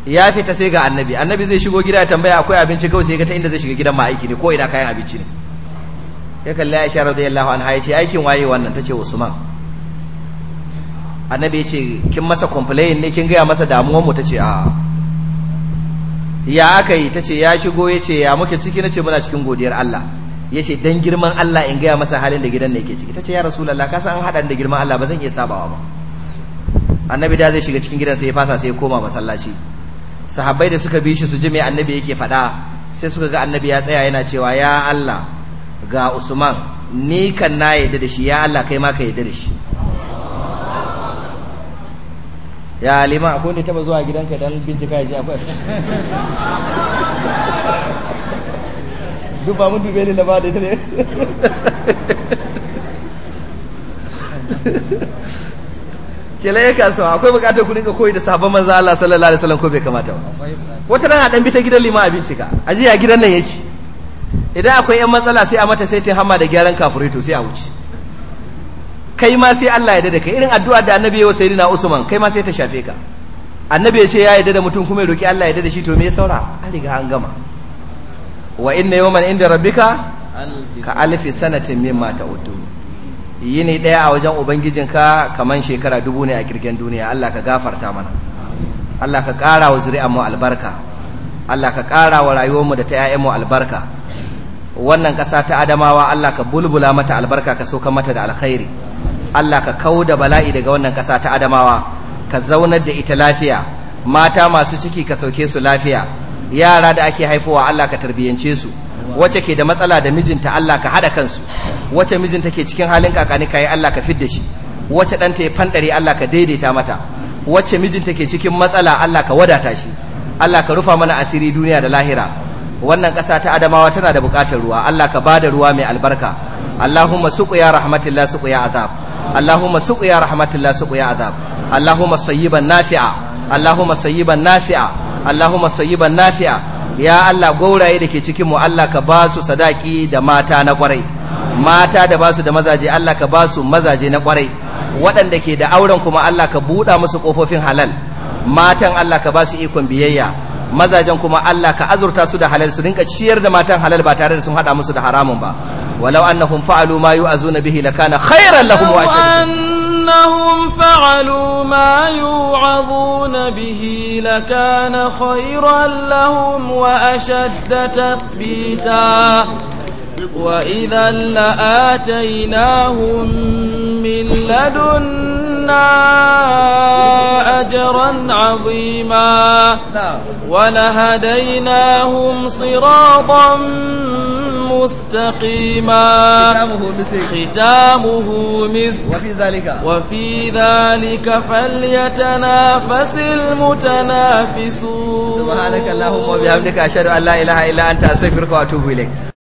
ya fita sai ga annabi annabi zai shigo gida ya tambaya akwai abinci kawai sai ga ta inda zai shiga gidan ma aiki ne ko ina kayan abinci ne ya kalli Aisha radiyallahu anha ya ce aikin waye wannan tace Usman annabi ya ce kin masa complain ne kin gaya masa damuwar mu tace a'a ya aka yi ta ce ya shigo ya ce ya muke ciki na ce muna cikin godiyar Allah ya ce dan girman Allah in gaya masa halin da gidan da yake ciki ta ce ya rasulallah ka san an haɗa da girman Allah ba zan iya sabawa ba annabi da zai shiga cikin gidan sai ya fasa sai ya koma masallaci sahabbai da suka bi shi su ji me annabi yake faɗa sai suka ga annabi ya tsaya yana cewa ya Allah ga Usman ni kan na yadda da shi ya Allah kai ma ka yadda da shi ya liman akwai wanda taba zuwa gidanka dan bincika ya ji akwai duk ba mun dube ne na ba da ita ne kela ya kasu akwai bukatar kudin ka koyi da sabon manzo Allah sallallahu alaihi wasallam ko bai kamata ba wata rana dan bi ta gidan lima a bincika aje ya gidan nan yake idan akwai yan matsala sai a mata sai ta hama da gyaran to sai a wuce kai ma sai Allah ya dada kai irin addu'a da annabi wa sayyidina Usman kai ma sai ta shafe ka annabi ya ce ya yadda da mutum kuma ya roki Allah ya dada shi to me ya saura an riga an gama wa inna yawman inda rabbika ka alfi sanatin mimma ta'uddu yini daya a wajen ubangijin ka kaman shekara dubu ne a kirgen duniya Allah ka gafarta mana Allah ka ƙara wa zuri'an mu albarka Allah ka ƙara wa rayuwar mu da ta 'ya'yan mu albarka wannan ƙasa ta adamawa Allah ka bulbula mata albarka ka soka mata da alkhairi Allah ka kau da bala'i daga wannan ƙasa ta adamawa ka zaunar da ita lafiya mata masu ciki ka sauke su lafiya yara da ake haifowa Allah ka tarbiyyance su wacce ke da matsala da mijinta Allah ka hada kansu wacce mijinta ke cikin halin kakani kayi Allah ka fidda shi wacce ta ya fandare Allah ka daidaita mata wacce mijinta ke cikin matsala Allah ka wadata shi Allah ka rufa mana asiri duniya da lahira wannan ƙasa ta adamawa tana da buƙatar ruwa Allah ka ba da ruwa mai albarka Allahumma suqiya rahmatillah suqiya azab Allahumma suqiya rahmatillah suqiya azab Allahumma sayyiban nafi'a Allahumma sayyiban nafi'a Allahumma sayyiban nafi'a ya Allah gauraye da ke cikin mu Allah ka ba su sadaki da mata na kwarai mata da ba su da mazaje Allah ka ba su mazaje na kwarai waɗanda ke da auren kuma Allah ka buɗa musu ƙofofin halal matan Allah ka ba su ikon biyayya mazajen kuma Allah ka azurta su da halal su rinka ciyar da matan halal ba tare da sun hada musu da haramun ba walau annahum fa'alu ma yu'azuna bihi lakana khairan lahum wa annahum fa'alu ma yu'azuna bihi lakana khairan lahum wa ashadda tathbita وإذا لآتيناهم من لدنا أجرا عظيما نعم. ولهديناهم صراطا مستقيما ختامه مسك ختامه مسك وفي ذلك وفي ذلك فليتنافس المتنافسون سبحانك اللهم وبحمدك أشهد أن لا إله إلا أنت أستغفرك وأتوب إليك